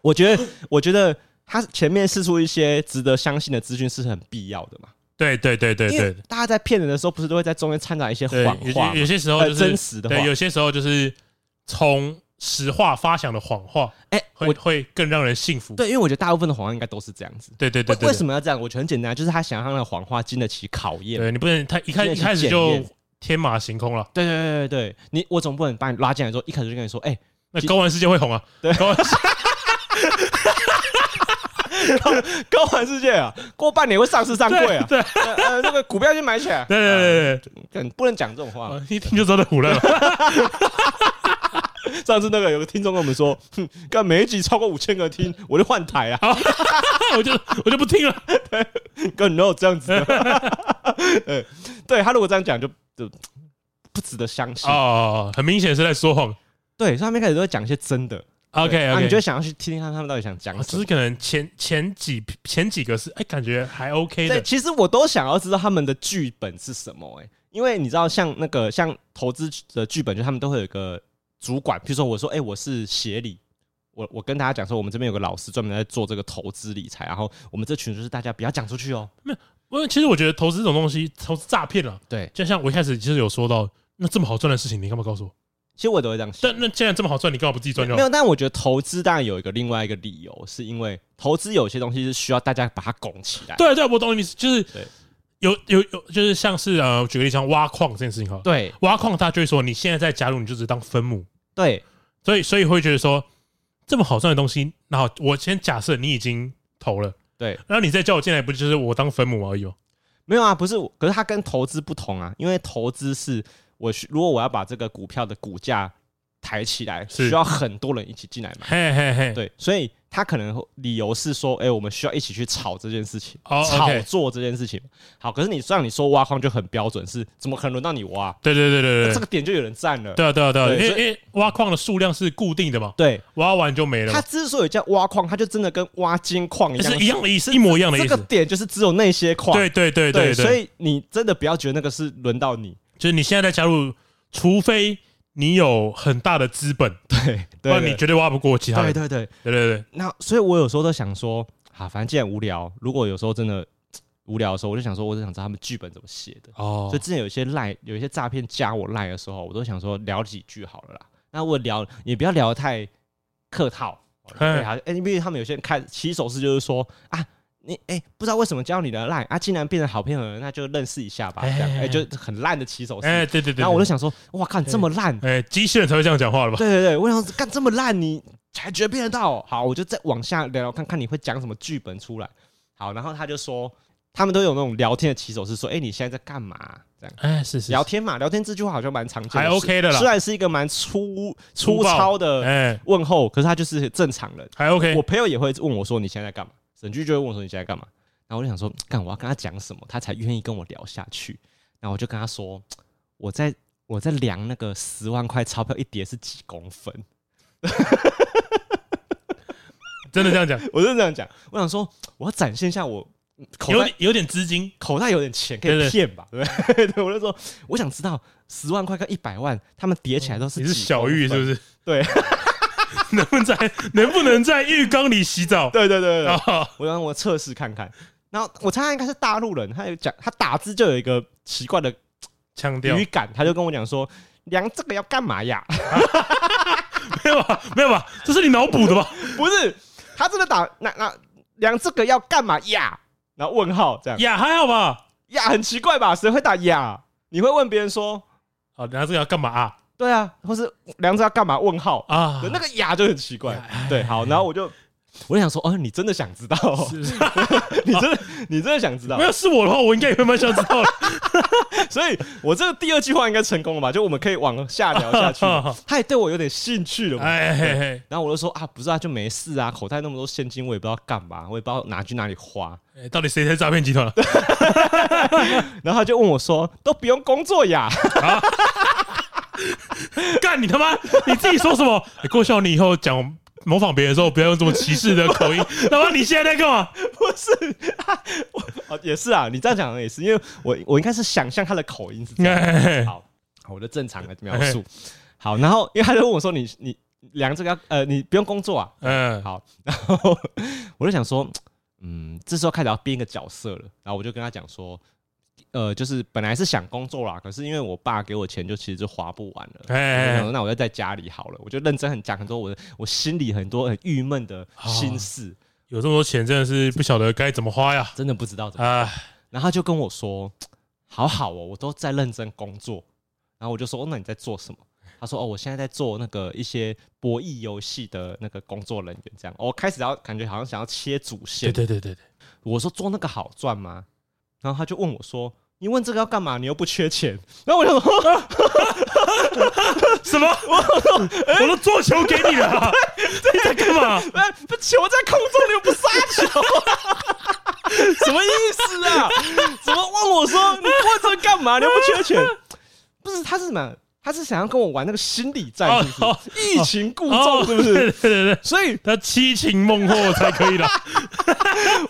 我覺得，我覺得他前面釋出一些值得相信的資訊是很必要的嘛。對對對對對。大家在騙人的時候，不是都會在中間摻雜一些謊話？有，有些時候就是真實的，對，有些時候就是充。實話發想的謊話，哎，會會更讓人信服、欸。對，因為我覺得大部分的謊話應該都是這樣子。對對對對，對。為什麼要這樣？我覺得很簡單，就是他想讓他的謊話經得起考驗。對，你不能他一看一開始就天馬行空了。對對對對對。你我總不能把你拉進來之後，一開始就跟你說，哎、欸，那、欸、高玩世界會紅啊？對高啊。高玩世界啊，過半年會上市上櫃啊，對，對呃，呃，那、這個股票就買起來。呃、對對對對、呃，不能講這種話、啊，一、啊、聽就知道在唬爛。上次那個有個聽眾跟我們說，哼，幹每一集超過五千個聽，我就換台啊， 我就我就不聽了。跟你若有這樣子， 對，對，他如果這樣講，就就不值得相信哦、oh,，很明顯是在說謊。對，上面開始都在講一些真的。OK，, okay 那你就想要去聽聽看他們到底想講什麼、啊？只、就是可能前前幾前幾個是哎，感覺還 OK 的。其實我都想要知道他們的劇本是什麼、欸，因為你知道，像那個像投資的劇本，就他們都會有個。主管，譬如說我說，哎、欸，我是協理我，我我跟大家講說，我們這邊有個老師專門在做這個投資理財，然後我們這群就是大家不要講出去哦、喔。沒有，因為其實我覺得投資這種東西，投資詐騙了，對。就像我一開始其實有說到，那這麼好賺的事情，你干嘛告訴我？其實我都會這樣想，但那既然這麼好賺，你幹嘛不自己賺掉？沒有，但我覺得投資當然有一個另外一個理由，是因為投資有些東西是需要大家把它拱起來。對對，我懂你，就是有有有，就是像是呃，舉個例子，像挖礦這件事情哈，對，挖礦大家就會說，你現在在加入，你就只當分母。對，所以所以會覺得說這麼好賺的東西，那好，我先假設你已經投了，對，然後你再叫我進來，不就是我當分母而已哦？沒有啊，不是，可是它跟投資不同啊，因為投資是我如果我要把這個股票的股價。抬起來需要很多人一起進來嘿對，所以他可能理由是說，哎，我們需要一起去炒這件事情，炒作這件事情。好，可是你雖然你說挖礦就很標準，是怎麼可能輪到你挖？對對對對，這個點就有人佔了。對啊對啊對啊，因為挖礦的數量是固定的嘛，對，挖完就沒了。它之所以叫挖礦，它就真的跟挖金礦一樣的意思，一模一樣的意思。這個點就是只有那些礦。對對對對，對，所以你真的不要覺得那個是輪到你對對對對，就是你現在在加入，除非。你有很大的資本，對，對，不然你絕對挖不過其他。對對對，對對對，對。那所以，我有時候都想說，啊，反正既然無聊，如果有時候真的無聊的時候，我就想說，我就想知道他們劇本怎麼寫的。哦。所以之前有些賴，有一些詐騙加我賴的時候，我都想說聊幾句好了啦。那我聊，也不要聊得太客套。嗯。哎，因為他們有些人開起手式就是說啊。你哎、欸，不知道為什麼教你的爛啊，竟然變成好朋友，那就認識一下吧。哎、欸欸欸，就很爛的起手式。哎、欸，對對對。然後我就想說，哇靠，這麼爛！哎、機、欸、器人才會這樣講話了吧？對對對，我想幹這麼爛，你才覺得騙得到。好，我就再往下聊，看看你會講什麼劇本出來。好，然後他就說，他們都有那種聊天的起手式是說，哎、欸，你現在在幹嘛？這樣，哎、欸，是，是是聊天嘛，聊天這句話好像蠻常見的，還 OK 的啦。雖然是一個蠻粗粗糙的哎問候、欸，可是他就是正常人，還 OK。我朋友也會問我說，你現在在幹嘛？整句就會問我說：“你現在幹嘛？”然後我就想說：“幹，我要跟他講什麼，他才願意跟我聊下去。”然後我就跟他說：“我在，我在量那個十萬塊鈔票一疊是幾公分。 ”真的這樣講， 我就這樣講。我想說，我要展現一下我口袋有點資金，口袋有點錢，可以騙吧？對，對，對，對 我就說，我想知道十萬塊跟一百萬，他們疊起來都是幾公分？嗯，你是小玉，是不是？對。 能不能在 能不能在浴缸裡洗澡？對對對，對，oh、然後我讓我測試看看。然後我猜他應該是大陸人，他有講，他打字就有一個奇怪的腔調語感，他就跟我講說：“量這個要幹嘛呀、 啊？”沒有吧？沒有吧？這是你腦補的吧？ 不是，他這個打那那量這個要幹嘛呀？然後問號這樣呀、yeah,？還好吧？呀、yeah,，很奇怪吧？誰會打呀、yeah?？你會問別人說、啊：“好量這個要幹嘛、啊？”對啊，或是梁子要幹嘛？問號啊，那個啞就很奇怪。唉唉對，好，然後我就，我想說，哦，你真的想知道、哦？是是 你真的，啊、你真的想知道？沒有是我的話，我應該也會慢蠻慢想知道。 所以，我這個第二句話應該成功了吧？就我們可以往下聊下去。啊、他也對我有點興趣了。哎嘿，然後我就說啊，不知道、啊、就沒事啊。口袋那麼多現金，我也不知道幹嘛，我也不知道拿去哪裡花。欸、到底誰在詐騙集團？ 然後他就問我說，都不用工作呀。啊 幹 你他媽！你自己說什麼？你過笑，你以後講模仿別人的時候，不要用這麼歧視的口音。他媽，你現在在幹嘛？ 不是、啊，我也是啊。你這樣講也是，因為我我應該是想象他的口音是這樣。好，好，我就正常的描述。好，然後因為他就問我說：“你你兩這個要呃，你不用工作啊？”嗯。好，然後我就想說，嗯，這時候開始要編一個角色了。然後我就跟他講說。呃，就是本來是想工作啦，可是因為我爸給我錢，就其實就花不完了。哎，那我就在家裡好了。我就認真很講，很多，我我心裡很多很鬱悶的心事、哦。有這麼多錢，真的是不曉得該怎麼花呀！真的不知道怎麼。啊，然後他就跟我說：“好好哦、喔，我都在認真工作。”然後我就說：“那你在做什麼？”他說：“哦，我現在在做那個一些博弈遊戲的那個工作人員，這樣。”我開始要感覺好像想要切主線。對對對對對。我說做那個好賺嗎？然後他就問我說。你問這個要幹嘛？你又不缺錢。然後我就說：“什麼？我都我都做球給你了，啊，你在幹嘛？球在空中，你又不殺球，什麼意思啊？怎麼問我說，你問這個幹嘛？你又不缺錢，不是？他是什麼？他是想要跟我玩那個心理戰術，欲擒故縱，是不是？對，所以他七擒孟獲才可以了。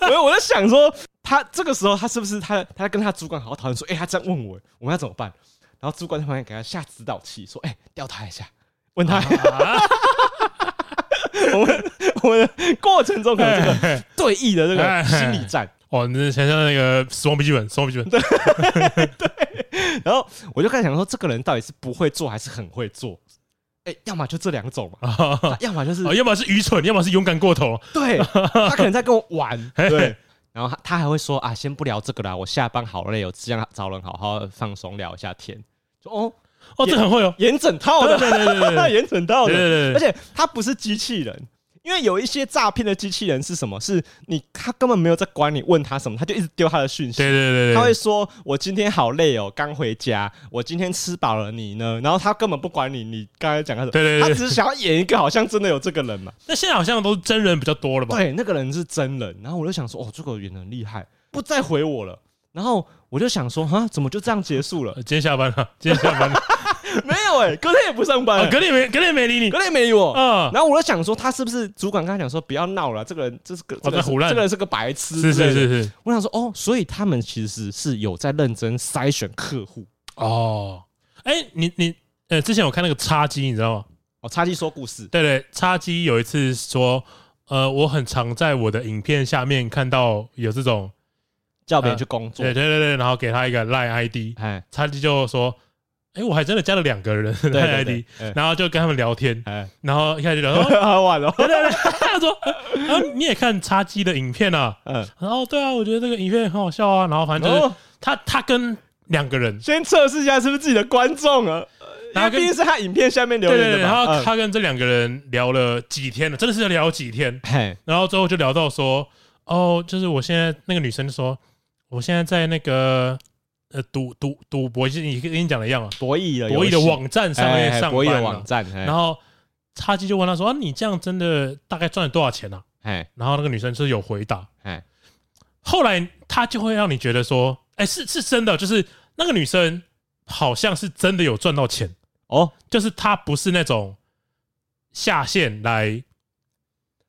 我我在想說。”他這個時候，他是不是他他跟他主管好好討論說，哎，他這樣問我，我們要怎麼辦？然後主管在旁邊給他下指導棋，說，哎，調他一下，問他、啊。 我們我們的過程中可能這個對弈的這個心理戰嘿嘿嘿，哦，你想象那個死亡筆記本，死亡筆記本，對對。然後我就開始想說，這個人到底是不會做，還是很會做、欸？哎、啊哦，要麼就這兩種嘛，要麼就是，要麼是愚蠢，要麼是勇敢過頭。對，他可能在跟我玩。對。然後他他還會說啊，先不聊這個啦，我下班好累，有時間找人好好放鬆聊一下天。說哦哦，喔，這很會哦，喔，演整套的，對對對，對， 演整套的，而且他不是機器人。因為有一些詐騙的機器人是什麼？是你他根本沒有在管你，問他什麼，他就一直丟他的訊息。對對對，他會說：“我今天好累哦，剛回家，我今天吃飽了，你呢？”然後他根本不管你，你剛才講他什麼？對對對，他只是想要演一個好像真的有這個人嘛。那現在好像都是真人比較多了吧？對，那個人是真人。然後我就想說：“哦，這個演員厲害，不再回我了。”然後我就想說：“哈，怎麼就這樣結束了？”今天下班了，今天下班了。 沒有哎、欸，隔天也不上班、欸，隔、oh, 天沒隔天沒理你，隔天也沒理我。嗯，然後我就想說，他是不是主管跟他講說，不要鬧了，這個人這是個這個人、哦、這,胡這個人是個白痴，是是是是,是。我想說哦，所以他們其實是有在認真篩選客戶哦。哎、欸，你你呃，之前我看那個叉雞，你知道嗎？哦，叉雞說故事，對對，叉雞有一次說，呃，我很常在我的影片下面看到有這種叫別人去工作、呃，對對對對，然後給他一個賴 ID，哎，叉雞就說。哎、欸，我還真的加了兩個人對對對 ID，對對對，然後就跟他們聊天，欸、然後一開始聊說好晚哦對對對， 他說然後你也看插機的影片，啊、嗯，然後對啊，我覺得這個影片很好笑啊，然後反正就是他，哦、他，他跟兩個人先測試一下是不是自己的觀眾啊，他畢竟是他影片下面留言的嘛，對對對，然後他跟這兩個人聊了幾天了，嗯、真的是聊了幾天，嘿然後最後就聊到說，哦，就是我現在那個女生就說，我現在在那個。呃，賭賭賭博就是你跟你講的一樣啊，博弈的博弈的網站上面上班啊，博弈的網站，然後叉機就問他說：“啊，你這樣真的大概賺了多少錢呢？”哎，然後那個女生就是有回答，哎，後來他就會讓你覺得說、欸：“哎，是是真的，就是那個女生好像是真的有賺到錢哦，就是她不是那種下線來。”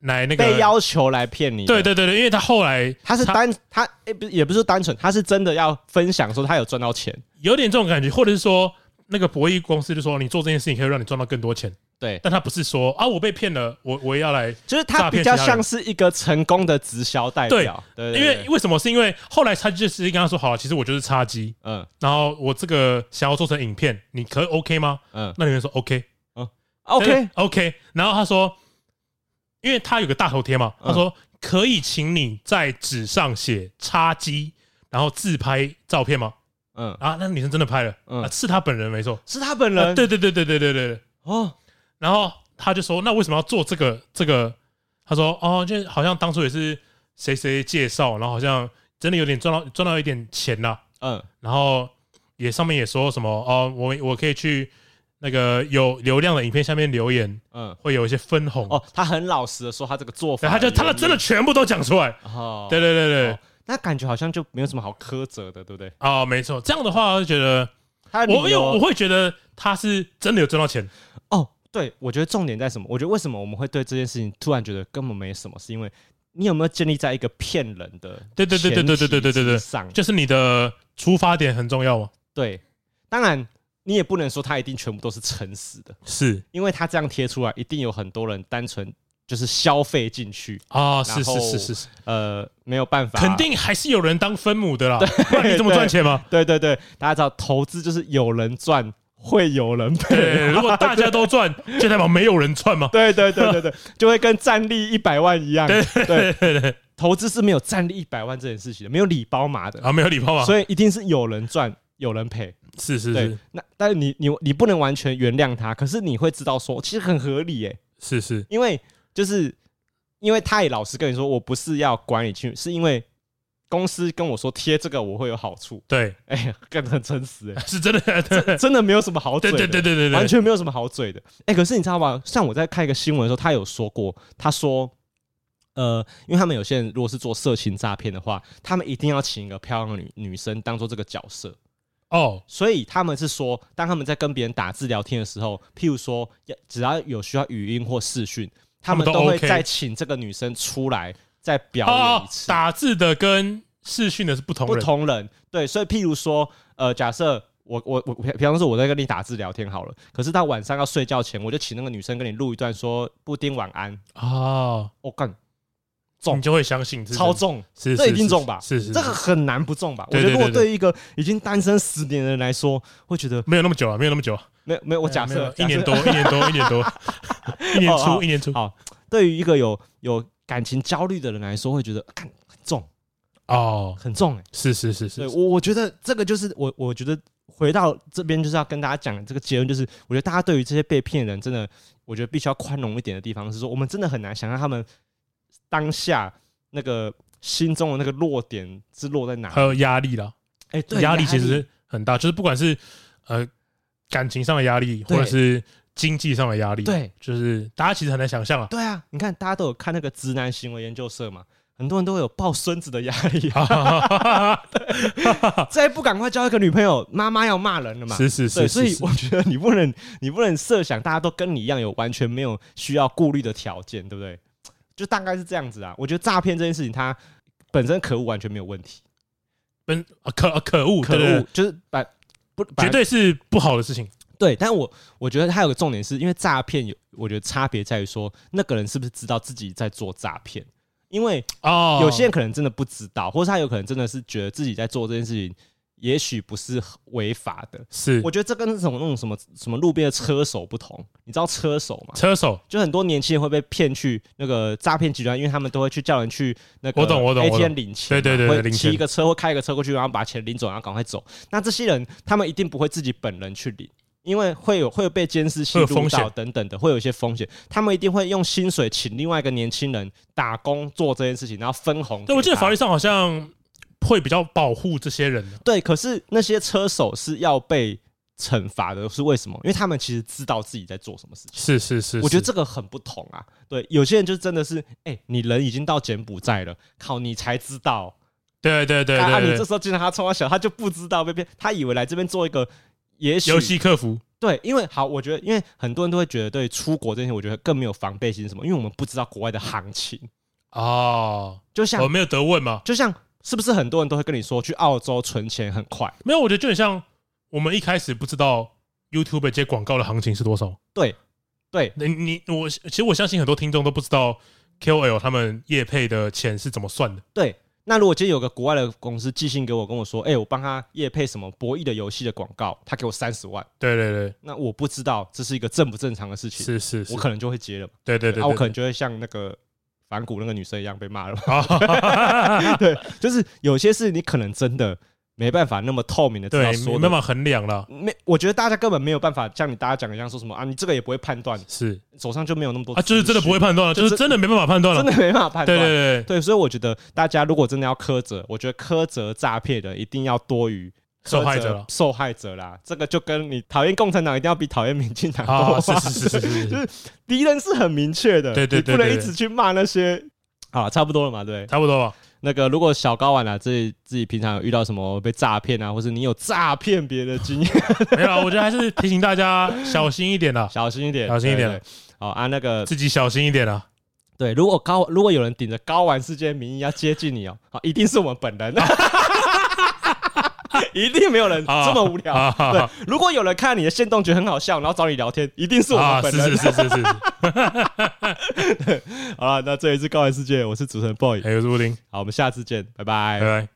來那個被要求來騙你，對對對對，因為他後來他，來他是單他哎不也不是單純，他是真的要分享說他有賺到錢，有點這種感覺，或者是說那個博弈公司就說你做這件事情可以讓你賺到更多錢，對，但他不是說啊我被騙了，我我也要來，就是他比較像是一個成功的直銷代表，對，因為為什麼？是因為後來他就是跟他說好了，其實我就是差機，嗯，然後我這個想要做成影片，你可以 OK 嗎？嗯，那裡面說 OK，嗯，OK OK，然後他說。因為他有個大頭貼嘛，他說可以請你在紙上寫叉機，然後自拍照片嗎？嗯，啊，啊，那女生真的拍了，嗯，是他本人沒錯，是他本人、哦，對對對對對對對，哦，然後他就說，那為什麼要做這個這個？他說，哦，就好像當初也是誰誰介紹，然後好像真的有點賺到賺到一點錢了，嗯，然後也上面也說什麼，哦，我我可以去。那個有流量的影片下面留言，嗯，會有一些分紅哦。他很老實的說，他這個做法，他就他的真的全部都講出來。哦，對對對對、哦，哦、那感覺好像就沒有什麼好苛責的，對不對？啊、哦，沒錯，這樣的話，我覺得我因為我會覺得他是真的有賺到錢哦。對，我覺得重點在什麼？我覺得為什麼我們會對這件事情突然覺得根本沒什麼？是因為你有沒有建立在一個騙人的？對對對對對對對對對對,對，前提上就是你的出發點很重要嗎？對，當然。你也不能說它一定全部都是誠實的，是因為它這樣貼出來，一定有很多人單純就是消費進去啊。是是是是，呃，沒有辦法，肯定還是有人當分母的啦，你這麼賺錢嗎？對對對，對，大家知道投資就是有人賺，會有人賠。如果大家都賺，就代表沒有人賺嘛。對對對對對，對，就會跟戰力一百萬一樣。對對對，對，投資是沒有戰力一百萬這件事情的，沒有禮包碼的啊，沒有禮包碼，所以一定是有人賺。有人陪是是，是，對，那但是你你你不能完全原諒他，可是你會知道說其實很合理誒、欸，是是，因為就是因為他也老實跟你說，我不是要管你去，是因為公司跟我說貼這個我會有好處，對，哎呀，講的很真實、欸、是真的，真真的沒有什麼好嘴的，對對對對對，對，完全沒有什麼好嘴的，哎、欸，可是你知道嗎？像我在看一個新聞的時候，他有說過，他說，呃，因為他們有些人如果是做色情詐騙的話，他們一定要請一個漂亮的女女生當做這個角色。哦、oh，所以他們是說，當他們在跟別人打字聊天的時候，譬如說，只要有需要語音或視訊，他們都會再請這個女生出來再表演一次。Oh, oh, 打字的跟視訊的是不同不同人，對。所以譬如說，呃，假設我我我，比方說我在跟你打字聊天好了，可是到晚上要睡覺前，我就請那個女生跟你錄一段說布丁晚安哦，我、oh. 幹、oh。你就會相信是是超重，這一定重吧？是是,是，這個很難不重吧？對對對對我覺得，如果對一個已經單身十年的人來說，會覺得沒有那麼久啊，沒有那麼久沒有,久沒,有沒有。我假設一年多，一年多，一年多， 一,年多 一年初、哦，一年初。好，對於一個有有感情焦慮的人來說，會覺得很重哦，很重哎、欸。是是是是對，我我覺得這個就是我我覺得回到這邊就是要跟大家講這個結論，就是我覺得大家對於這些被騙人，真的我覺得必須要寬容一點的地方是說，我們真的很難想象他們。當下那個心中的那個弱點是落在哪裡？還有壓力了，哎、欸，壓力其實很大，就是不管是呃感情上的壓力，或者是經濟上的壓力，對，就是大家其實很難想象啊。對啊，你看大家都有看那個直男行為研究社嘛，很多人都會有抱孫子的壓力、啊， 對 再不趕快交一個女朋友，媽媽要罵人了嘛。是是是、是，所以我覺得你不能，你不能設想大家都跟你一樣有完全沒有需要顧慮的條件，對不對？就大概是這樣子啊，我覺得詐騙這件事情，它本身可惡完全沒有問題，本可惡可惡可惡就是把不，絕對是不好的事情。對，但我我覺得它有個重點是因為詐騙有，我覺得差別在於說那個人是不是知道自己在做詐騙，因為啊，有些人可能真的不知道，或者他有可能真的是覺得自己在做這件事情。也許不是違法的，是我覺得這跟那種那種什麼什麼路邊的車手不同，你知道車手嗎？車手就很多年輕人會被騙去那個詐騙集團，因為他們都會去叫人去那我懂我懂，ATM 領錢，對對對，騎一個車或開一個車過去，然後把錢領走，然後趕快走。那這些人他們一定不會自己本人去領，因為會有會有被監視器錄到等等的，會有一些風險。他們一定會用薪水請另外一個年輕人打工做這件事情，然後分紅。但我記得法律上好像。會比較保護這些人，對。可是那些車手是要被懲罰的，是為什麼？因為他們其實知道自己在做什麼事情。是是是，是，我覺得這個很不同啊。對，有些人就真的是，哎、欸，你人已經到柬埔寨了，靠，你才知道。對對對對，啊，你這時候見到他從小，他就不知道被騙，他以為來這邊做一個也許遊戲客服。對，因為好，我覺得，因為很多人都會覺得，對出國這些，我覺得更沒有防備心什麼，因為我們不知道國外的行情哦，就像我沒有得問嗎？就像。是不是很多人都會跟你說去澳洲存錢很快？沒有，我覺得就很像我們一開始不知道 YouTube 接廣告的行情是多少。對，對，你你我其實我相信很多聽眾都不知道 KOL 他們業配的錢是怎麼算的。對，那如果今天有個國外的公司寄信給我跟我說：“哎、欸，我幫他業配什麼博弈的遊戲的廣告，他給我三十萬。”對對對，那我不知道這是一個正不正常的事情。是是，是，我可能就會接了。對對對，對，我可能就會像那個。反骨那個女生一樣被罵了。啊， 對，就是有些事你可能真的沒辦法那麼透明的，說的對，沒辦法衡量了。沒，我覺得大家根本沒有辦法像你大家講的一樣說什麼啊，你這個也不會判斷，是手上就沒有那麼多，啊，就是真的不會判斷，就是真的沒辦法判斷了，真的沒辦法判斷。對，對對對對，所以我覺得大家如果真的要苛責，我覺得苛責詐騙的一定要多於。受害者，受害者啦，這個就跟你討厭共產黨一定要比討厭民進黨多、啊、是是是，是，是 就是敵人是很明確的，對對對，對，你不能一直去罵那些對對對對，好差不多了嘛，對，差不多了。那個如果小高玩了、啊，自己自己平常有遇到什麼被詐騙啊，或是你有詐騙別的經驗、啊？沒有，我覺得還是提醒大家小心一點的、啊， 小心一點，小心一點。好啊，那個自己小心一點的、啊。對，如果高如果有人頂着高玩世界名義要接近你哦、喔，啊，一定是我們本人、啊。 一定沒有人這麼無聊、啊。對，如果有人看你的限動覺得很好笑，然後找你聊天，一定是我們本人、啊。是，是，是，是，是，是 好了，那這一次高玩世界，我是主持人 boy，林，好，我們下次見，拜拜，拜。